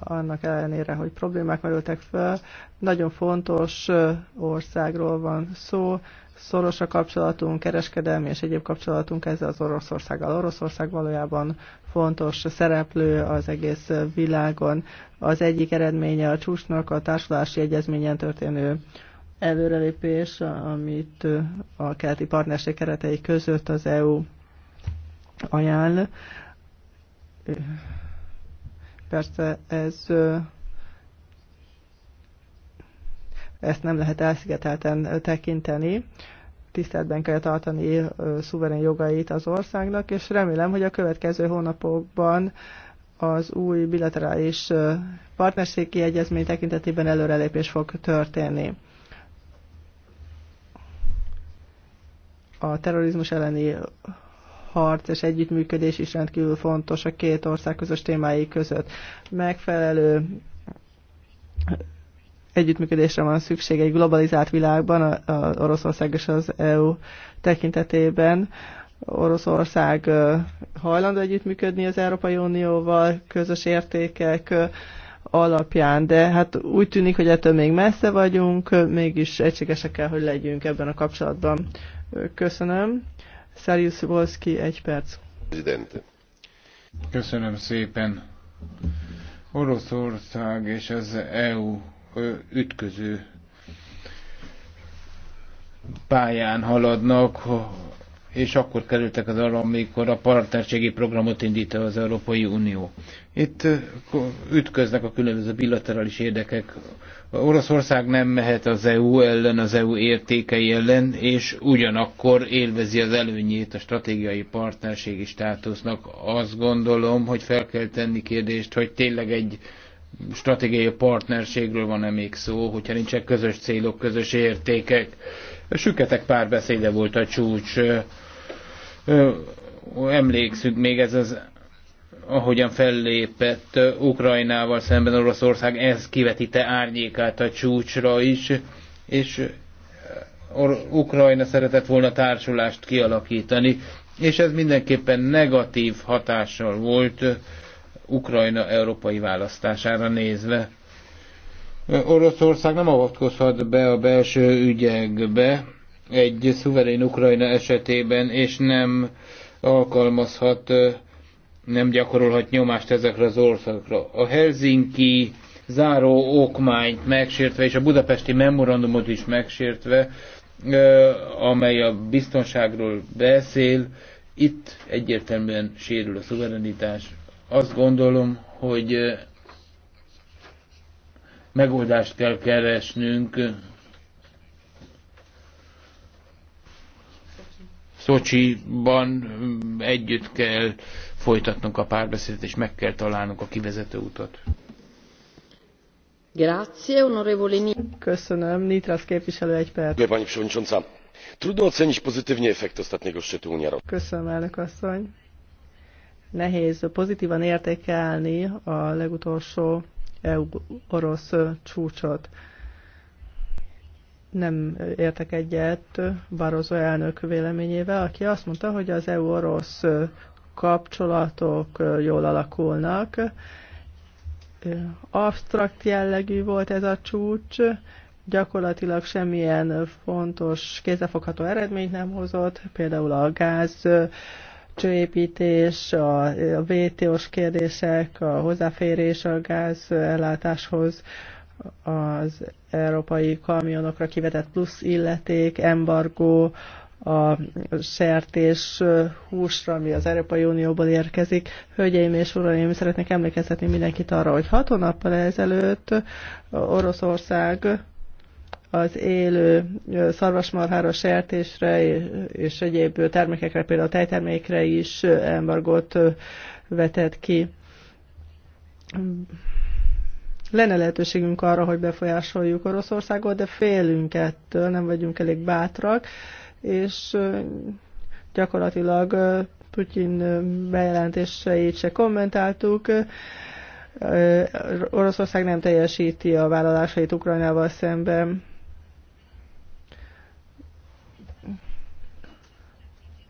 annak ellenére, hogy problémák merültek fel. Nagyon fontos országról van szó, szoros a kapcsolatunk, kereskedelmi és egyéb kapcsolatunk ezzel az Oroszországgal. Oroszország valójában fontos szereplő az egész világon. Az egyik eredménye a csúcsnak a társulási egyezményen történő előrelépés, amit a keleti partnerség keretei között az EU ajánl Persze ez ezt nem lehet elszigetelten tekinteni, tiszteletben kell tartani szuverén jogait az országnak, és remélem, hogy a következő hónapokban az új bilaterális partnerségi egyezmény tekintetében előrelépés fog történni. A terrorizmus elleni harc és együttműködés is rendkívül fontos a két ország közös témái között. Megfelelő együttműködésre van szükség egy globalizált világban, a, a Oroszország és az EU tekintetében. Oroszország hajlandó együttműködni az Európai Unióval, közös értékek alapján, de hát úgy tűnik, hogy ettől még messze vagyunk, mégis egységesek kell, hogy legyünk ebben a kapcsolatban. Köszönöm. Szerjusz Volszki, egy perc. Köszönöm szépen. Oroszország és az EU ütköző pályán haladnak, és akkor kerültek az arra, amikor a partnerségi programot indít az Európai Unió. Itt ütköznek a különböző bilaterális érdekek. Oroszország nem mehet az EU ellen, az EU értékei ellen, és ugyanakkor élvezi az előnyét a stratégiai partnerségi státusznak. Azt gondolom, hogy fel kell tenni kérdést, hogy tényleg egy stratégiai partnerségről van-e még szó, hogyha nincsen közös célok, közös értékek süketek párbeszéde volt a csúcs. Emlékszünk még ez az ahogyan fellépett Ukrajnával szemben Oroszország, ez kivetite árnyékát a csúcsra is, és Ukrajna szeretett volna társulást kialakítani, és ez mindenképpen negatív hatással volt Ukrajna európai választására nézve. Oroszország nem avatkozhat be a belső ügyekbe egy szuverén Ukrajna esetében, és nem alkalmazhat, nem gyakorolhat nyomást ezekre az országokra. A Helsinki záró okmányt megsértve, és a budapesti memorandumot is megsértve, amely a biztonságról beszél, itt egyértelműen sérül a szuverenitás. Azt gondolom, hogy megoldást kell keresnünk. Szocsiban mm, együtt kell folytatnunk a párbeszédet, és meg kell találnunk a kivezető utat. Grazie, onorevole Köszönöm, Nitras képviselő egy perc. Pani przewodnicząca, trudno ocenić pozytywnie efekt ostatniego szczytu Unii Europejskiej. Köszönöm, elnök asszony. Nehéz pozitívan értékelni a legutolsó EU-orosz csúcsot. Nem értek egyet Barozó elnök véleményével, aki azt mondta, hogy az EU-orosz kapcsolatok jól alakulnak. Abstrakt jellegű volt ez a csúcs, gyakorlatilag semmilyen fontos kézzelfogható eredményt nem hozott, például a gáz csőépítés, a, a VTO-s kérdések, a hozzáférés a gáz ellátáshoz, az európai kamionokra kivetett plusz illeték, embargó, a sertés húsra, ami az Európai Unióból érkezik. Hölgyeim és uraim, szeretnék emlékeztetni mindenkit arra, hogy hat hónappal ezelőtt Oroszország az élő szarvasmarhára, sertésre és egyéb termékekre, például a tejtermékre is embargót vetett ki. Lenne lehetőségünk arra, hogy befolyásoljuk Oroszországot, de félünk ettől, nem vagyunk elég bátrak, és gyakorlatilag Putyin bejelentéseit se kommentáltuk. Oroszország nem teljesíti a vállalásait Ukrajnával szemben.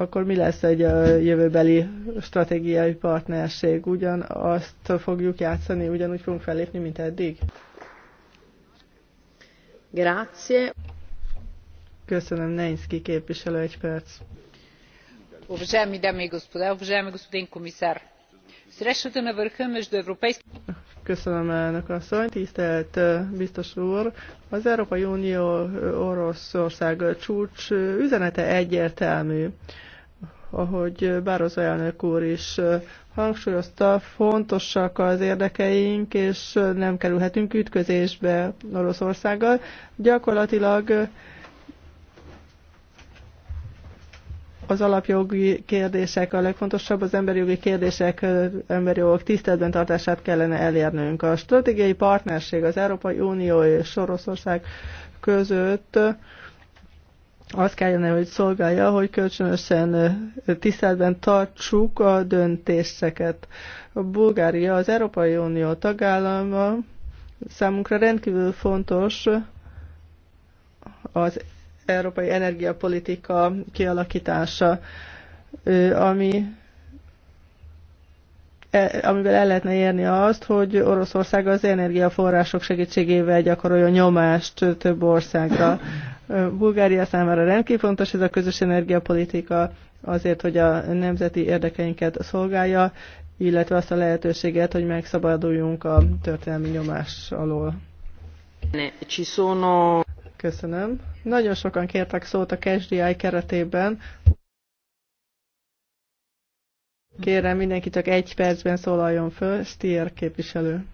akkor mi lesz egy a jövőbeli stratégiai partnerség? azt fogjuk játszani, ugyanúgy fogunk fellépni, mint eddig? Grazie. Köszönöm, Neinszki képviselő, egy perc. Уважаеми дами и господа, уважаеми господин комисар, срещата на върха между европейски... Köszönöm elnök asszony, tisztelt biztos úr. Az Európai Unió Oroszország csúcs üzenete egyértelmű ahogy Bározó elnök úr is hangsúlyozta, fontosak az érdekeink, és nem kerülhetünk ütközésbe Oroszországgal. Gyakorlatilag az alapjogi kérdések a legfontosabb, az emberi jogi kérdések, emberi jogok tiszteletben tartását kellene elérnünk. A stratégiai partnerség az Európai Unió és Oroszország között azt kellene, hogy szolgálja, hogy kölcsönösen tiszteletben tartsuk a döntéseket. A Bulgária az Európai Unió tagállama, számunkra rendkívül fontos az európai energiapolitika kialakítása, ami e, amivel el lehetne érni azt, hogy Oroszország az energiaforrások segítségével gyakorolja nyomást több országra. Bulgária számára rendkívül fontos ez a közös energiapolitika, azért, hogy a nemzeti érdekeinket szolgálja, illetve azt a lehetőséget, hogy megszabaduljunk a történelmi nyomás alól. Köszönöm. Nagyon sokan kértek szót a KSDI keretében. Kérem, mindenki csak egy percben szólaljon föl. Stier képviselő.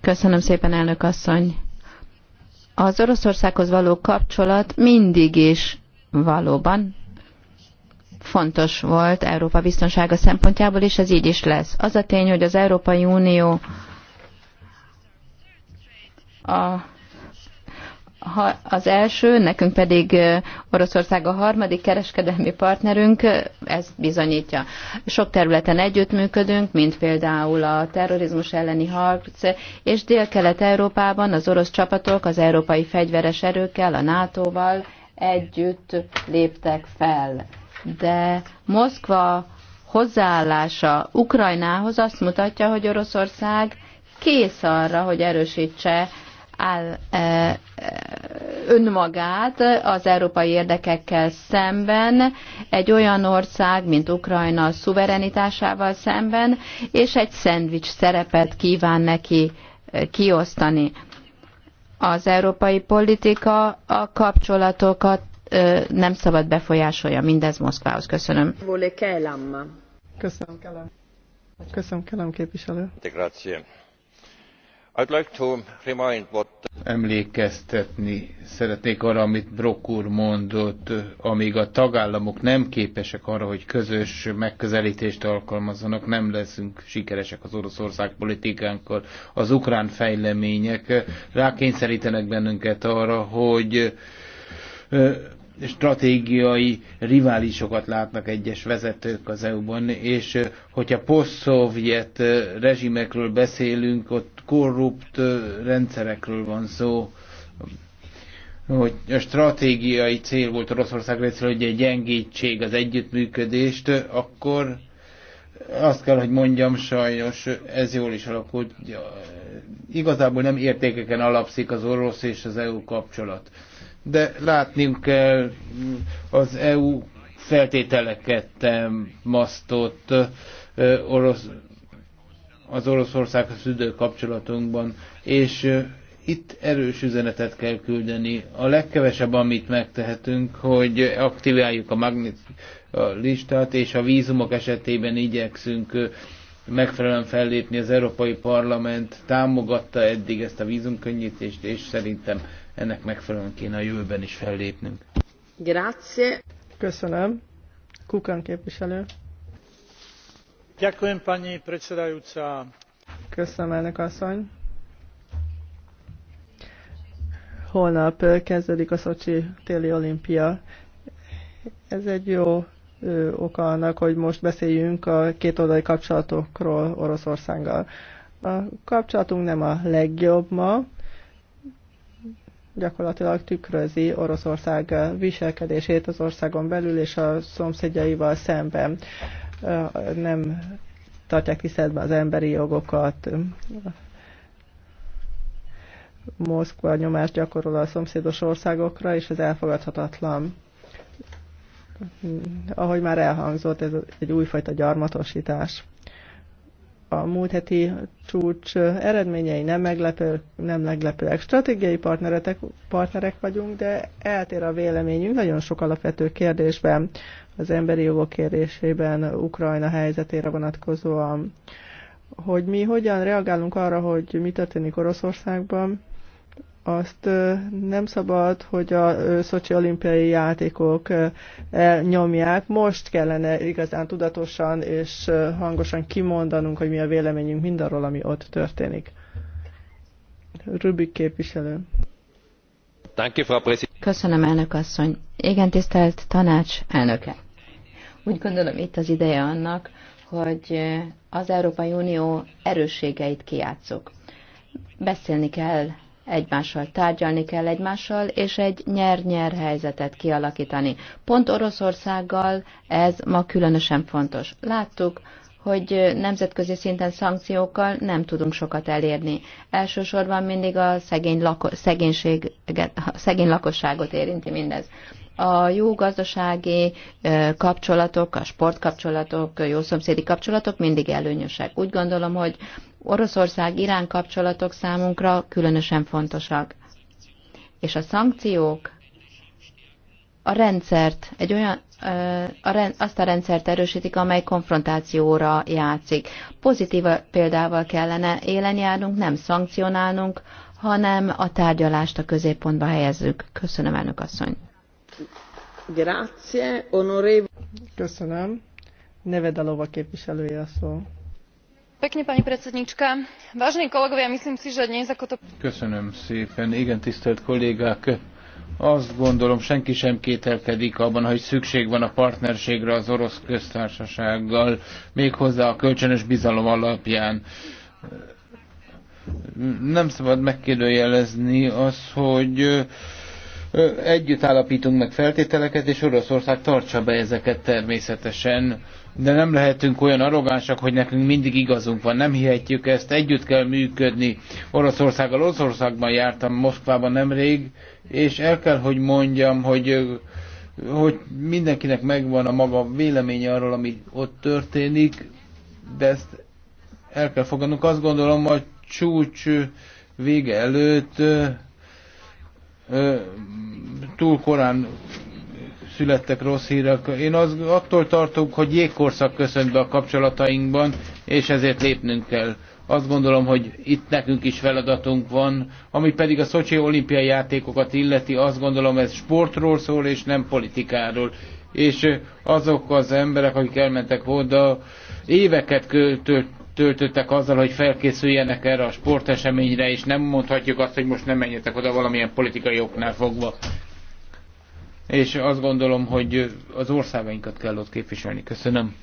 Köszönöm szépen, elnök asszony az Oroszországhoz való kapcsolat mindig is valóban fontos volt Európa biztonsága szempontjából, és ez így is lesz. Az a tény, hogy az Európai Unió a ha az első, nekünk pedig Oroszország a harmadik kereskedelmi partnerünk, ez bizonyítja. Sok területen együttműködünk, mint például a terrorizmus elleni harc, és Dél-Kelet-Európában az orosz csapatok az európai fegyveres erőkkel, a NATO-val együtt léptek fel. De Moszkva hozzáállása Ukrajnához azt mutatja, hogy Oroszország kész arra, hogy erősítse áll, e, önmagát az európai érdekekkel szemben, egy olyan ország, mint Ukrajna szuverenitásával szemben, és egy szendvics szerepet kíván neki eh, kiosztani. Az európai politika a kapcsolatokat eh, nem szabad befolyásolja, mindez Moszkvához. Köszönöm. Köszönöm, kellem. Köszönöm, kellem, képviselő. Integráció. Emlékeztetni szeretnék arra, amit brok úr mondott, amíg a tagállamok nem képesek arra, hogy közös megközelítést alkalmazzanak, nem leszünk sikeresek az Oroszország politikánkkal. Az ukrán fejlemények rákényszertenek bennünket arra, hogy stratégiai riválisokat látnak egyes vezetők az EU-ban, és hogyha posztszovjet rezsimekről beszélünk, ott korrupt rendszerekről van szó, hogy a stratégiai cél volt Oroszország részéről, hogy gyengítség az együttműködést, akkor azt kell, hogy mondjam, sajnos ez jól is alakult. Igazából nem értékeken alapszik az orosz és az EU kapcsolat. De látniuk kell az EU feltételeket masztott orosz az Oroszországhoz szüdő kapcsolatunkban, és itt erős üzenetet kell küldeni. A legkevesebb, amit megtehetünk, hogy aktiváljuk a magnet listát, és a vízumok esetében igyekszünk megfelelően fellépni. Az Európai Parlament támogatta eddig ezt a vízumkönnyítést, és szerintem ennek megfelelően kéne a jövőben is fellépnünk. Grazie. Köszönöm. Kukan képviselő. Köszönöm, Holnap eh, kezdődik a Szocsi téli olimpia. Ez egy jó oka annak, hogy most beszéljünk a kétoldali kapcsolatokról Oroszországgal. A kapcsolatunk nem a legjobb ma, gyakorlatilag tükrözi Oroszország viselkedését az országon belül és a szomszédjaival szemben nem tartják tiszteletben az emberi jogokat. Moszkva nyomást gyakorol a szomszédos országokra, és ez elfogadhatatlan. Ahogy már elhangzott, ez egy újfajta gyarmatosítás. A múlt heti csúcs eredményei nem, meglepő, nem meglepőek. Stratégiai partnerek, partnerek vagyunk, de eltér a véleményünk nagyon sok alapvető kérdésben az emberi jogok kérdésében, Ukrajna helyzetére vonatkozóan. Hogy mi hogyan reagálunk arra, hogy mi történik Oroszországban, azt nem szabad, hogy a Szocsi olimpiai játékok elnyomják. Most kellene igazán tudatosan és hangosan kimondanunk, hogy mi a véleményünk mindarról, ami ott történik. Rubik képviselő. Köszönöm, elnök asszony. Igen, tisztelt tanács elnöke. Úgy gondolom itt az ideje annak, hogy az Európai Unió erősségeit kiátszok. Beszélni kell egymással, tárgyalni kell egymással, és egy nyer-nyer helyzetet kialakítani. Pont Oroszországgal ez ma különösen fontos. Láttuk, hogy nemzetközi szinten szankciókkal nem tudunk sokat elérni. Elsősorban mindig a szegény, lako- szegénység, szegény lakosságot érinti mindez a jó gazdasági kapcsolatok, a sportkapcsolatok, a jó szomszédi kapcsolatok mindig előnyösek. Úgy gondolom, hogy Oroszország-Irán kapcsolatok számunkra különösen fontosak. És a szankciók a rendszert, egy olyan, a rend, azt a rendszert erősítik, amely konfrontációra játszik. Pozitív példával kellene élen járnunk, nem szankcionálnunk, hanem a tárgyalást a középpontba helyezzük. Köszönöm, elnök asszony. Grazie, onorév. Köszönöm. Nevedalova képviselője a szó. Pekne, pani predsednička. Vážení kolegovia, myslím si, že dnes ako to... Köszönöm szépen. Igen, tisztelt kollégák. Azt gondolom, senki sem kételkedik abban, hogy szükség van a partnerségre az orosz köztársasággal, méghozzá a kölcsönös bizalom alapján nem szabad megkérdőjelezni az, hogy Együtt állapítunk meg feltételeket, és Oroszország tartsa be ezeket természetesen. De nem lehetünk olyan arrogánsak, hogy nekünk mindig igazunk van. Nem hihetjük ezt, együtt kell működni. Oroszországgal, Oroszországban jártam, Moszkvában nemrég, és el kell, hogy mondjam, hogy hogy mindenkinek megvan a maga véleménye arról, ami ott történik, de ezt el kell fogadnunk. Azt gondolom, a csúcs vége előtt túl korán születtek rossz hírek. Én az, attól tartok, hogy jégkorszak köszönt be a kapcsolatainkban, és ezért lépnünk kell. Azt gondolom, hogy itt nekünk is feladatunk van, ami pedig a Szocsi olimpiai játékokat illeti, azt gondolom ez sportról szól, és nem politikáról. És azok az emberek, akik elmentek oda, éveket költött, töltöttek azzal, hogy felkészüljenek erre a sporteseményre, és nem mondhatjuk azt, hogy most nem menjetek oda valamilyen politikai oknál fogva. És azt gondolom, hogy az országainkat kell ott képviselni. Köszönöm.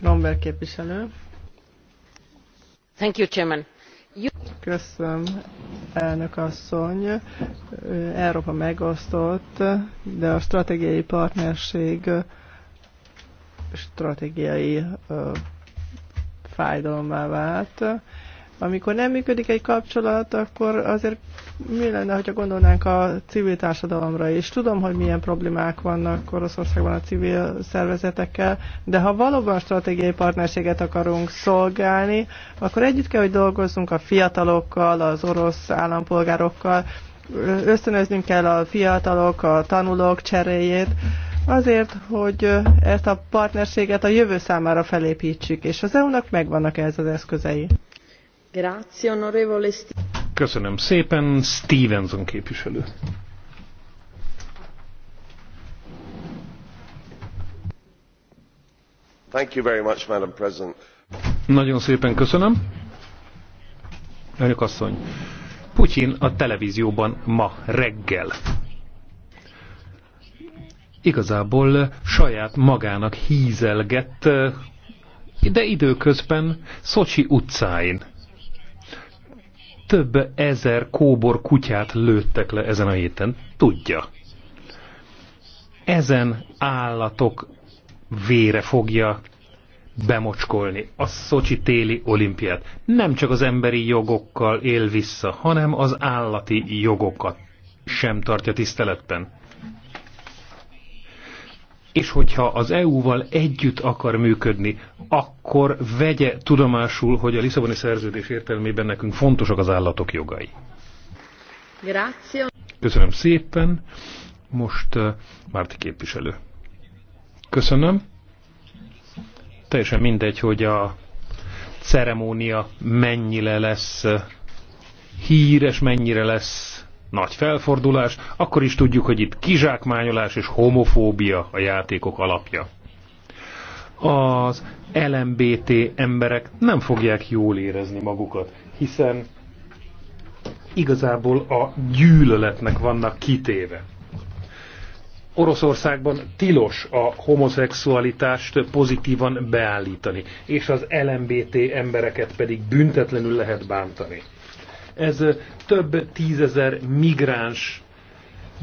Kronberg képviselő. Thank you, Chairman. Köszönöm, elnök asszony. Európa megosztott, de a stratégiai partnerség stratégiai fájdalommá vált. Amikor nem működik egy kapcsolat, akkor azért mi lenne, hogyha gondolnánk a civil társadalomra is. Tudom, hogy milyen problémák vannak Oroszországban a civil szervezetekkel, de ha valóban stratégiai partnerséget akarunk szolgálni, akkor együtt kell, hogy dolgozzunk a fiatalokkal, az orosz állampolgárokkal, ösztönöznünk kell a fiatalok, a tanulók cseréjét, Azért, hogy ezt a partnerséget a jövő számára felépítsük, és az EU-nak megvannak ehhez az eszközei. Köszönöm szépen, Stevenson képviselő. Thank you very much, Madam President. Nagyon szépen köszönöm. Önök asszony, Putyin a televízióban ma reggel igazából saját magának hízelgett, eh, de időközben Szocsi utcáin több ezer kóbor kutyát lőttek le ezen a héten. Tudja. Ezen állatok vére fogja bemocskolni a Szocsi téli olimpiát. Nem csak az emberi jogokkal él vissza, hanem az állati jogokat sem tartja tiszteletben és hogyha az EU-val együtt akar működni, akkor vegye tudomásul, hogy a Lisszaboni szerződés értelmében nekünk fontosak az állatok jogai. Grazie. Köszönöm szépen. Most uh, Márti képviselő. Köszönöm. Teljesen mindegy, hogy a ceremónia mennyire lesz uh, híres, mennyire lesz nagy felfordulás, akkor is tudjuk, hogy itt kizsákmányolás és homofóbia a játékok alapja. Az LMBT emberek nem fogják jól érezni magukat, hiszen igazából a gyűlöletnek vannak kitéve. Oroszországban tilos a homoszexualitást pozitívan beállítani, és az LMBT embereket pedig büntetlenül lehet bántani. Ez több tízezer migráns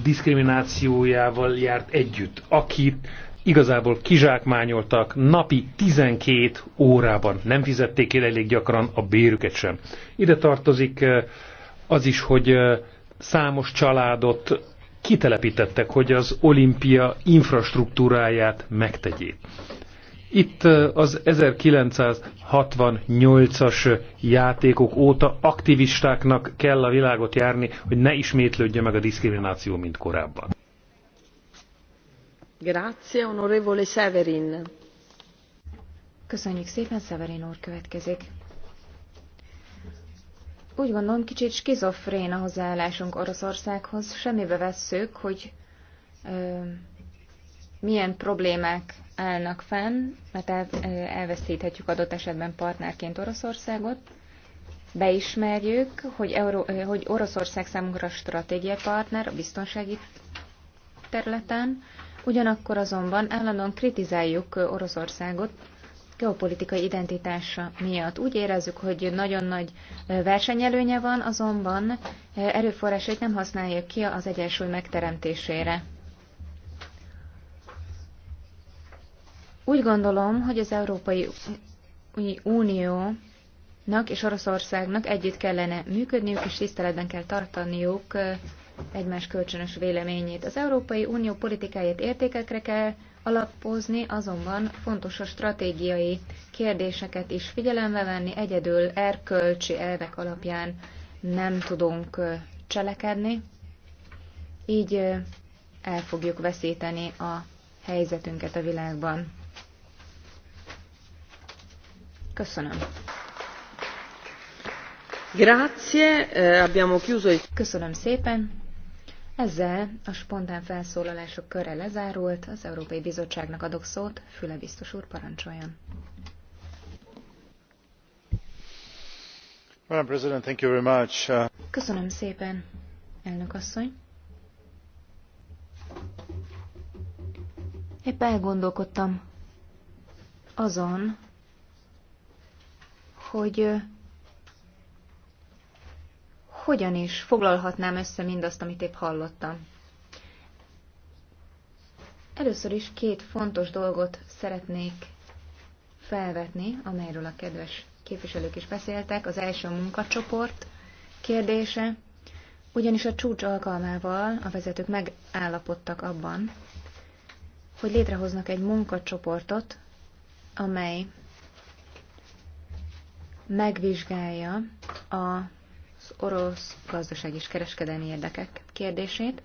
diszkriminációjával járt együtt, aki igazából kizsákmányoltak, napi 12 órában nem fizették el elég gyakran a bérüket sem. Ide tartozik eh, az is, hogy eh, számos családot kitelepítettek, hogy az olimpia infrastruktúráját megtegyék. Itt az 1968-as játékok óta aktivistáknak kell a világot járni, hogy ne ismétlődje meg a diszkrimináció, mint korábban. Grazie, onorevole Severin. Köszönjük szépen, Severin úr következik. Úgy gondolom, kicsit skizofrén a hozzáállásunk Oroszországhoz. Semmibe vesszük, hogy ö, milyen problémák állnak fenn, mert elveszíthetjük adott esetben partnerként Oroszországot. Beismerjük, hogy, Euró, hogy Oroszország számunkra stratégiai partner a biztonsági területen, ugyanakkor azonban állandóan kritizáljuk Oroszországot geopolitikai identitása miatt. Úgy érezzük, hogy nagyon nagy versenyelőnye van, azonban erőforrásait nem használja ki az egyensúly megteremtésére. Úgy gondolom, hogy az Európai Uniónak és Oroszországnak együtt kellene működniük, és tiszteletben kell tartaniuk egymás kölcsönös véleményét. Az Európai Unió politikáját értékekre kell alapozni, azonban fontos a stratégiai kérdéseket is figyelembe venni, egyedül erkölcsi elvek alapján nem tudunk cselekedni, így el fogjuk veszíteni a helyzetünket a világban. Köszönöm. Grazie, eh, abbiamo chiuso il... Köszönöm szépen. Ezzel a spontán felszólalások köre lezárult, az Európai Bizottságnak adok szót, Füle biztos úr parancsoljon. Madam President, thank you very much. Uh, Köszönöm szépen, elnök asszony. Épp elgondolkodtam azon, hogy hogyan is foglalhatnám össze mindazt, amit épp hallottam. Először is két fontos dolgot szeretnék felvetni, amelyről a kedves képviselők is beszéltek. Az első a munkacsoport kérdése, ugyanis a csúcs alkalmával a vezetők megállapodtak abban, hogy létrehoznak egy munkacsoportot, amely megvizsgálja az orosz gazdaság és kereskedelmi érdekek kérdését.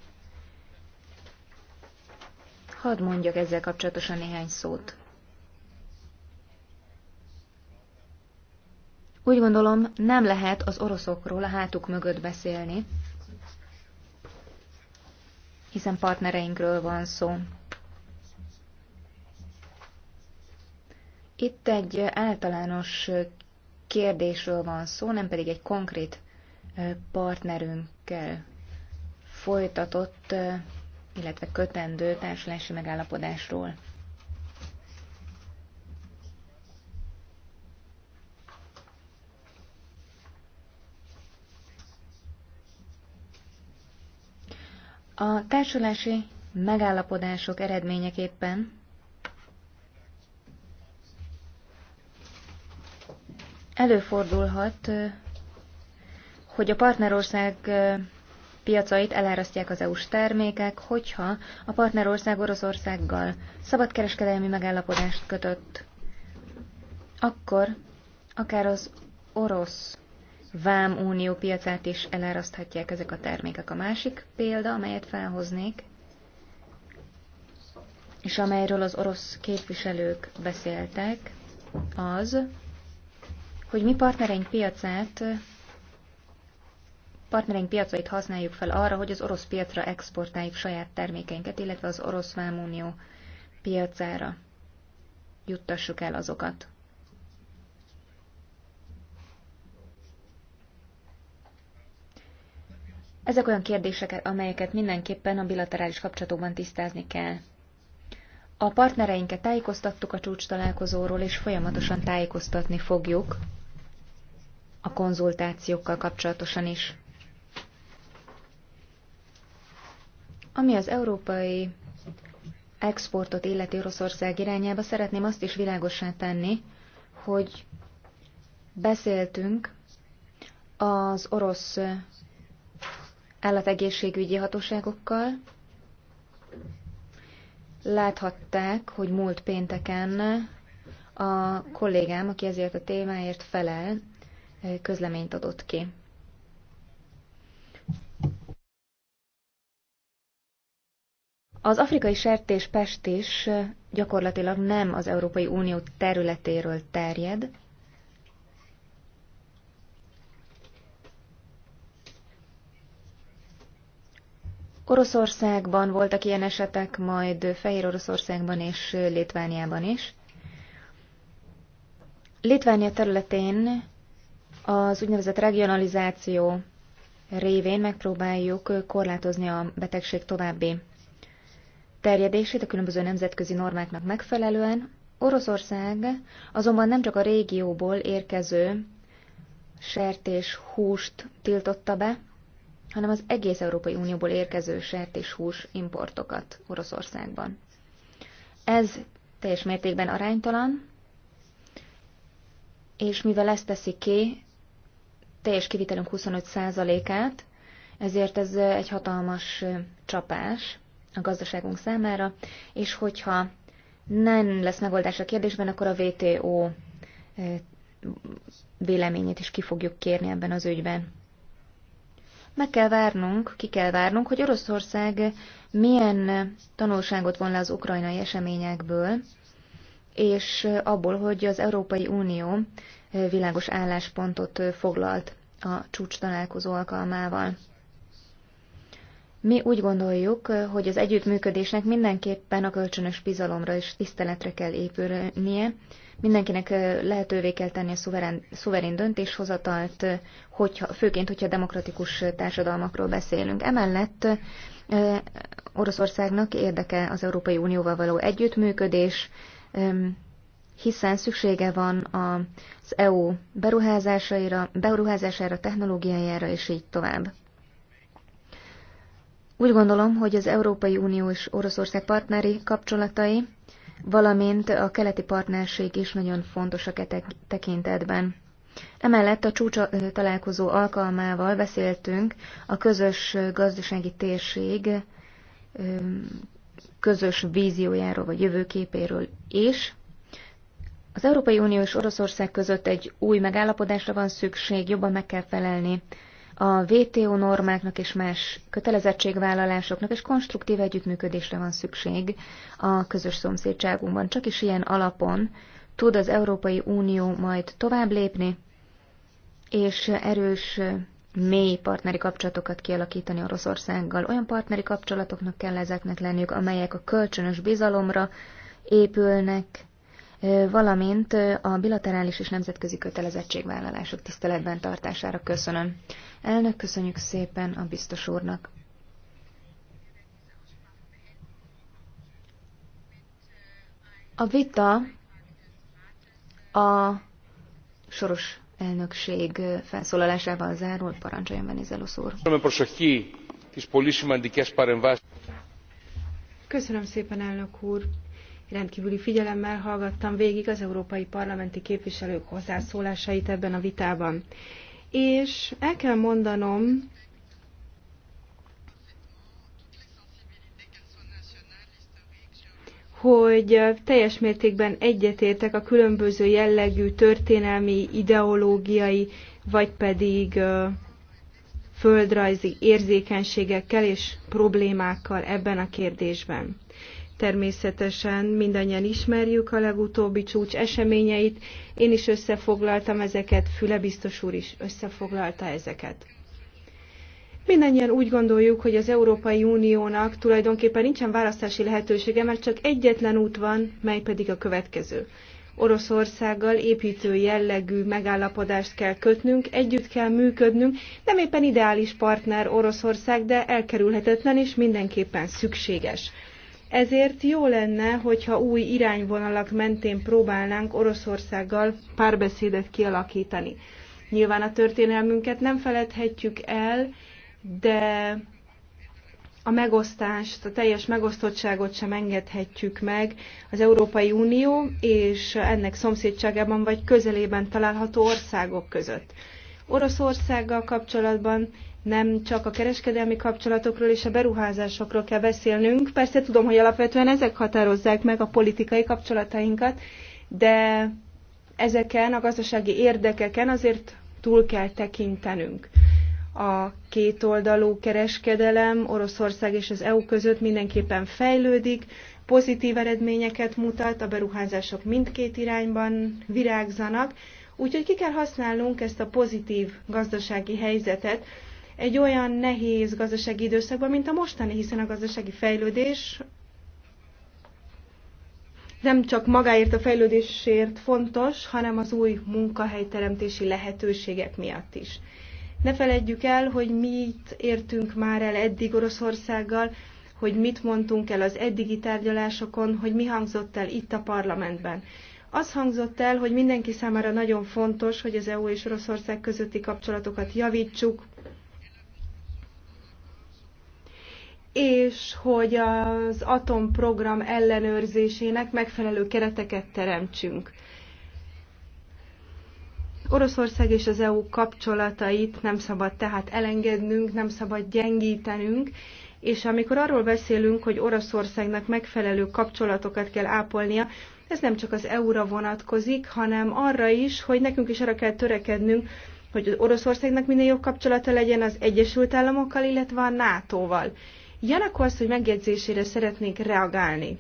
Hadd mondjak ezzel kapcsolatosan néhány szót. Úgy gondolom, nem lehet az oroszokról a hátuk mögött beszélni, hiszen partnereinkről van szó. Itt egy általános kérdésről van szó, nem pedig egy konkrét partnerünkkel folytatott, illetve kötendő társulási megállapodásról. A társulási megállapodások eredményeképpen Előfordulhat, hogy a partnerország piacait elárasztják az EU-s termékek, hogyha a partnerország Oroszországgal szabadkereskedelmi megállapodást kötött, akkor akár az orosz vámunió piacát is eláraszthatják ezek a termékek. A másik példa, amelyet felhoznék, és amelyről az orosz képviselők beszéltek, az, hogy mi partnereink piacát, partnereink piacait használjuk fel arra, hogy az orosz piacra exportáljuk saját termékeinket, illetve az orosz vámunió piacára juttassuk el azokat. Ezek olyan kérdések, amelyeket mindenképpen a bilaterális kapcsolatokban tisztázni kell. A partnereinket tájékoztattuk a csúcs találkozóról, és folyamatosan tájékoztatni fogjuk a konzultációkkal kapcsolatosan is. Ami az európai exportot illeti Oroszország irányába, szeretném azt is világosá tenni, hogy beszéltünk az orosz állategészségügyi hatóságokkal. Láthatták, hogy múlt pénteken a kollégám, aki ezért a témáért felel, közleményt adott ki. Az afrikai sertéspest is gyakorlatilag nem az Európai Unió területéről terjed, Oroszországban voltak ilyen esetek, majd Fehér Oroszországban és Litvániában is. Litvánia területén az úgynevezett regionalizáció révén megpróbáljuk korlátozni a betegség további terjedését a különböző nemzetközi normáknak megfelelően. Oroszország azonban nem csak a régióból érkező sertés húst tiltotta be, hanem az egész Európai Unióból érkező sertés hús importokat Oroszországban. Ez teljes mértékben aránytalan, és mivel ezt teszi ki, teljes kivitelünk 25%-át, ezért ez egy hatalmas csapás a gazdaságunk számára, és hogyha nem lesz megoldás a kérdésben, akkor a WTO véleményét is ki fogjuk kérni ebben az ügyben. Meg kell várnunk, ki kell várnunk, hogy Oroszország milyen tanulságot von le az ukrajnai eseményekből, és abból, hogy az Európai Unió világos álláspontot foglalt a csúcs találkozó alkalmával. Mi úgy gondoljuk, hogy az együttműködésnek mindenképpen a kölcsönös bizalomra és tiszteletre kell épülnie, mindenkinek lehetővé kell tenni a szuverén, szuverén döntéshozatalt, hogyha, főként, hogyha demokratikus társadalmakról beszélünk. Emellett Oroszországnak érdeke az Európai Unióval való együttműködés, hiszen szüksége van az EU beruházásaira, beruházására, technológiájára és így tovább. Úgy gondolom, hogy az Európai Unió és Oroszország partneri kapcsolatai, valamint a keleti partnerség is nagyon fontosak e tekintetben. Emellett a csúcsa találkozó alkalmával beszéltünk a közös gazdasági térség közös víziójáról vagy jövőképéről is, az Európai Unió és Oroszország között egy új megállapodásra van szükség, jobban meg kell felelni a WTO normáknak és más kötelezettségvállalásoknak, és konstruktív együttműködésre van szükség a közös szomszédságunkban. Csak is ilyen alapon tud az Európai Unió majd tovább lépni, és erős, mély partneri kapcsolatokat kialakítani Oroszországgal. Olyan partneri kapcsolatoknak kell ezeknek lenniük, amelyek a kölcsönös bizalomra épülnek, valamint a bilaterális és nemzetközi kötelezettségvállalások tiszteletben tartására köszönöm. Elnök, köszönjük szépen a biztos úrnak. A vita a soros elnökség felszólalásával zárul. Parancsoljon Venizelos úr. Köszönöm szépen, elnök úr. Rendkívüli figyelemmel hallgattam végig az európai parlamenti képviselők hozzászólásait ebben a vitában. És el kell mondanom, hogy teljes mértékben egyetértek a különböző jellegű történelmi, ideológiai, vagy pedig földrajzi érzékenységekkel és problémákkal ebben a kérdésben. Természetesen mindannyian ismerjük a legutóbbi csúcs eseményeit. Én is összefoglaltam ezeket, Füle biztos úr is összefoglalta ezeket. Mindannyian úgy gondoljuk, hogy az Európai Uniónak tulajdonképpen nincsen választási lehetősége, mert csak egyetlen út van, mely pedig a következő. Oroszországgal építő jellegű megállapodást kell kötnünk, együtt kell működnünk, nem éppen ideális partner Oroszország, de elkerülhetetlen és mindenképpen szükséges. Ezért jó lenne, hogyha új irányvonalak mentén próbálnánk Oroszországgal párbeszédet kialakítani. Nyilván a történelmünket nem feledhetjük el, de a megosztást, a teljes megosztottságot sem engedhetjük meg. Az Európai Unió és ennek szomszédságában vagy közelében található országok között. Oroszországgal kapcsolatban nem csak a kereskedelmi kapcsolatokról és a beruházásokról kell beszélnünk. Persze tudom, hogy alapvetően ezek határozzák meg a politikai kapcsolatainkat, de ezeken a gazdasági érdekeken azért túl kell tekintenünk. A kétoldalú kereskedelem Oroszország és az EU között mindenképpen fejlődik, pozitív eredményeket mutat, a beruházások mindkét irányban virágzanak, úgyhogy ki kell használnunk ezt a pozitív gazdasági helyzetet, egy olyan nehéz gazdasági időszakban, mint a mostani, hiszen a gazdasági fejlődés nem csak magáért a fejlődésért fontos, hanem az új munkahelyteremtési lehetőségek miatt is. Ne feledjük el, hogy mit értünk már el eddig Oroszországgal, hogy mit mondtunk el az eddigi tárgyalásokon, hogy mi hangzott el itt a parlamentben. Az hangzott el, hogy mindenki számára nagyon fontos, hogy az EU és Oroszország közötti kapcsolatokat javítsuk, és hogy az atomprogram ellenőrzésének megfelelő kereteket teremtsünk. Oroszország és az EU kapcsolatait nem szabad tehát elengednünk, nem szabad gyengítenünk, és amikor arról beszélünk, hogy Oroszországnak megfelelő kapcsolatokat kell ápolnia, ez nem csak az EU-ra vonatkozik, hanem arra is, hogy nekünk is arra kell törekednünk, hogy az Oroszországnak minél jobb kapcsolata legyen az Egyesült Államokkal, illetve a NATO-val. Janakó hogy megjegyzésére szeretnék reagálni.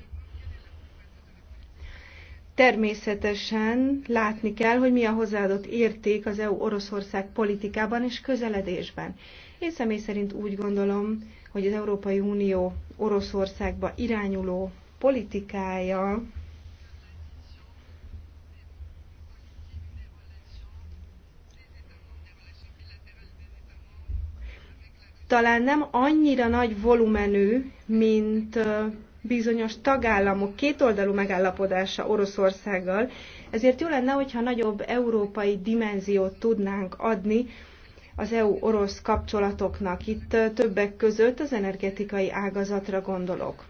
Természetesen látni kell, hogy mi a hozzáadott érték az EU-Oroszország politikában és közeledésben. Én személy szerint úgy gondolom, hogy az Európai Unió Oroszországba irányuló politikája talán nem annyira nagy volumenű, mint bizonyos tagállamok kétoldalú megállapodása Oroszországgal, ezért jó lenne, hogyha nagyobb európai dimenziót tudnánk adni az EU-orosz kapcsolatoknak. Itt többek között az energetikai ágazatra gondolok.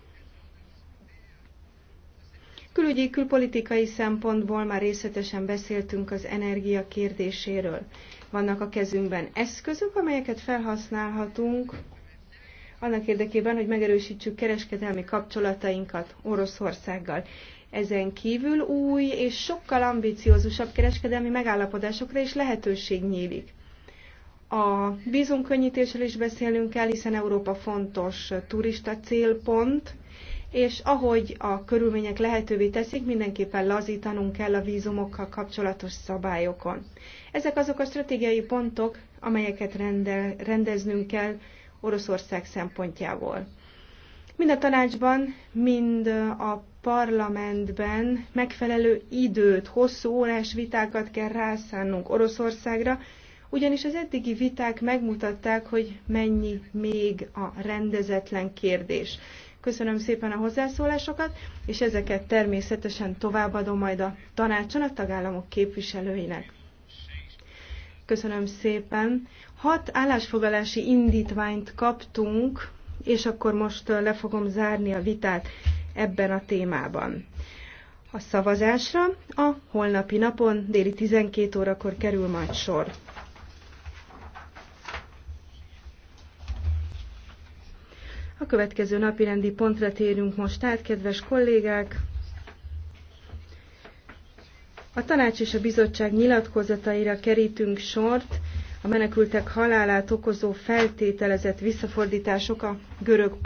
Külügyi, külpolitikai szempontból már részletesen beszéltünk az energia kérdéséről. Vannak a kezünkben eszközök, amelyeket felhasználhatunk annak érdekében, hogy megerősítsük kereskedelmi kapcsolatainkat Oroszországgal. Ezen kívül új és sokkal ambiciózusabb kereskedelmi megállapodásokra is lehetőség nyílik. A vízunkönnyítésről is beszélünk el, hiszen Európa fontos turista célpont, és ahogy a körülmények lehetővé teszik, mindenképpen lazítanunk kell a vízumokkal kapcsolatos szabályokon. Ezek azok a stratégiai pontok, amelyeket rendel, rendeznünk kell Oroszország szempontjából. Mind a tanácsban, mind a parlamentben megfelelő időt, hosszú órás vitákat kell rászánnunk Oroszországra, ugyanis az eddigi viták megmutatták, hogy mennyi még a rendezetlen kérdés. Köszönöm szépen a hozzászólásokat, és ezeket természetesen továbbadom majd a tanácson a tagállamok képviselőinek. Köszönöm szépen. Hat állásfoglalási indítványt kaptunk, és akkor most le fogom zárni a vitát ebben a témában. A szavazásra a holnapi napon déli 12 órakor kerül majd sor. A következő napi rendi pontra térünk most át, kedves kollégák! A tanács és a bizottság nyilatkozataira kerítünk sort, a menekültek halálát okozó feltételezett visszafordítások a görög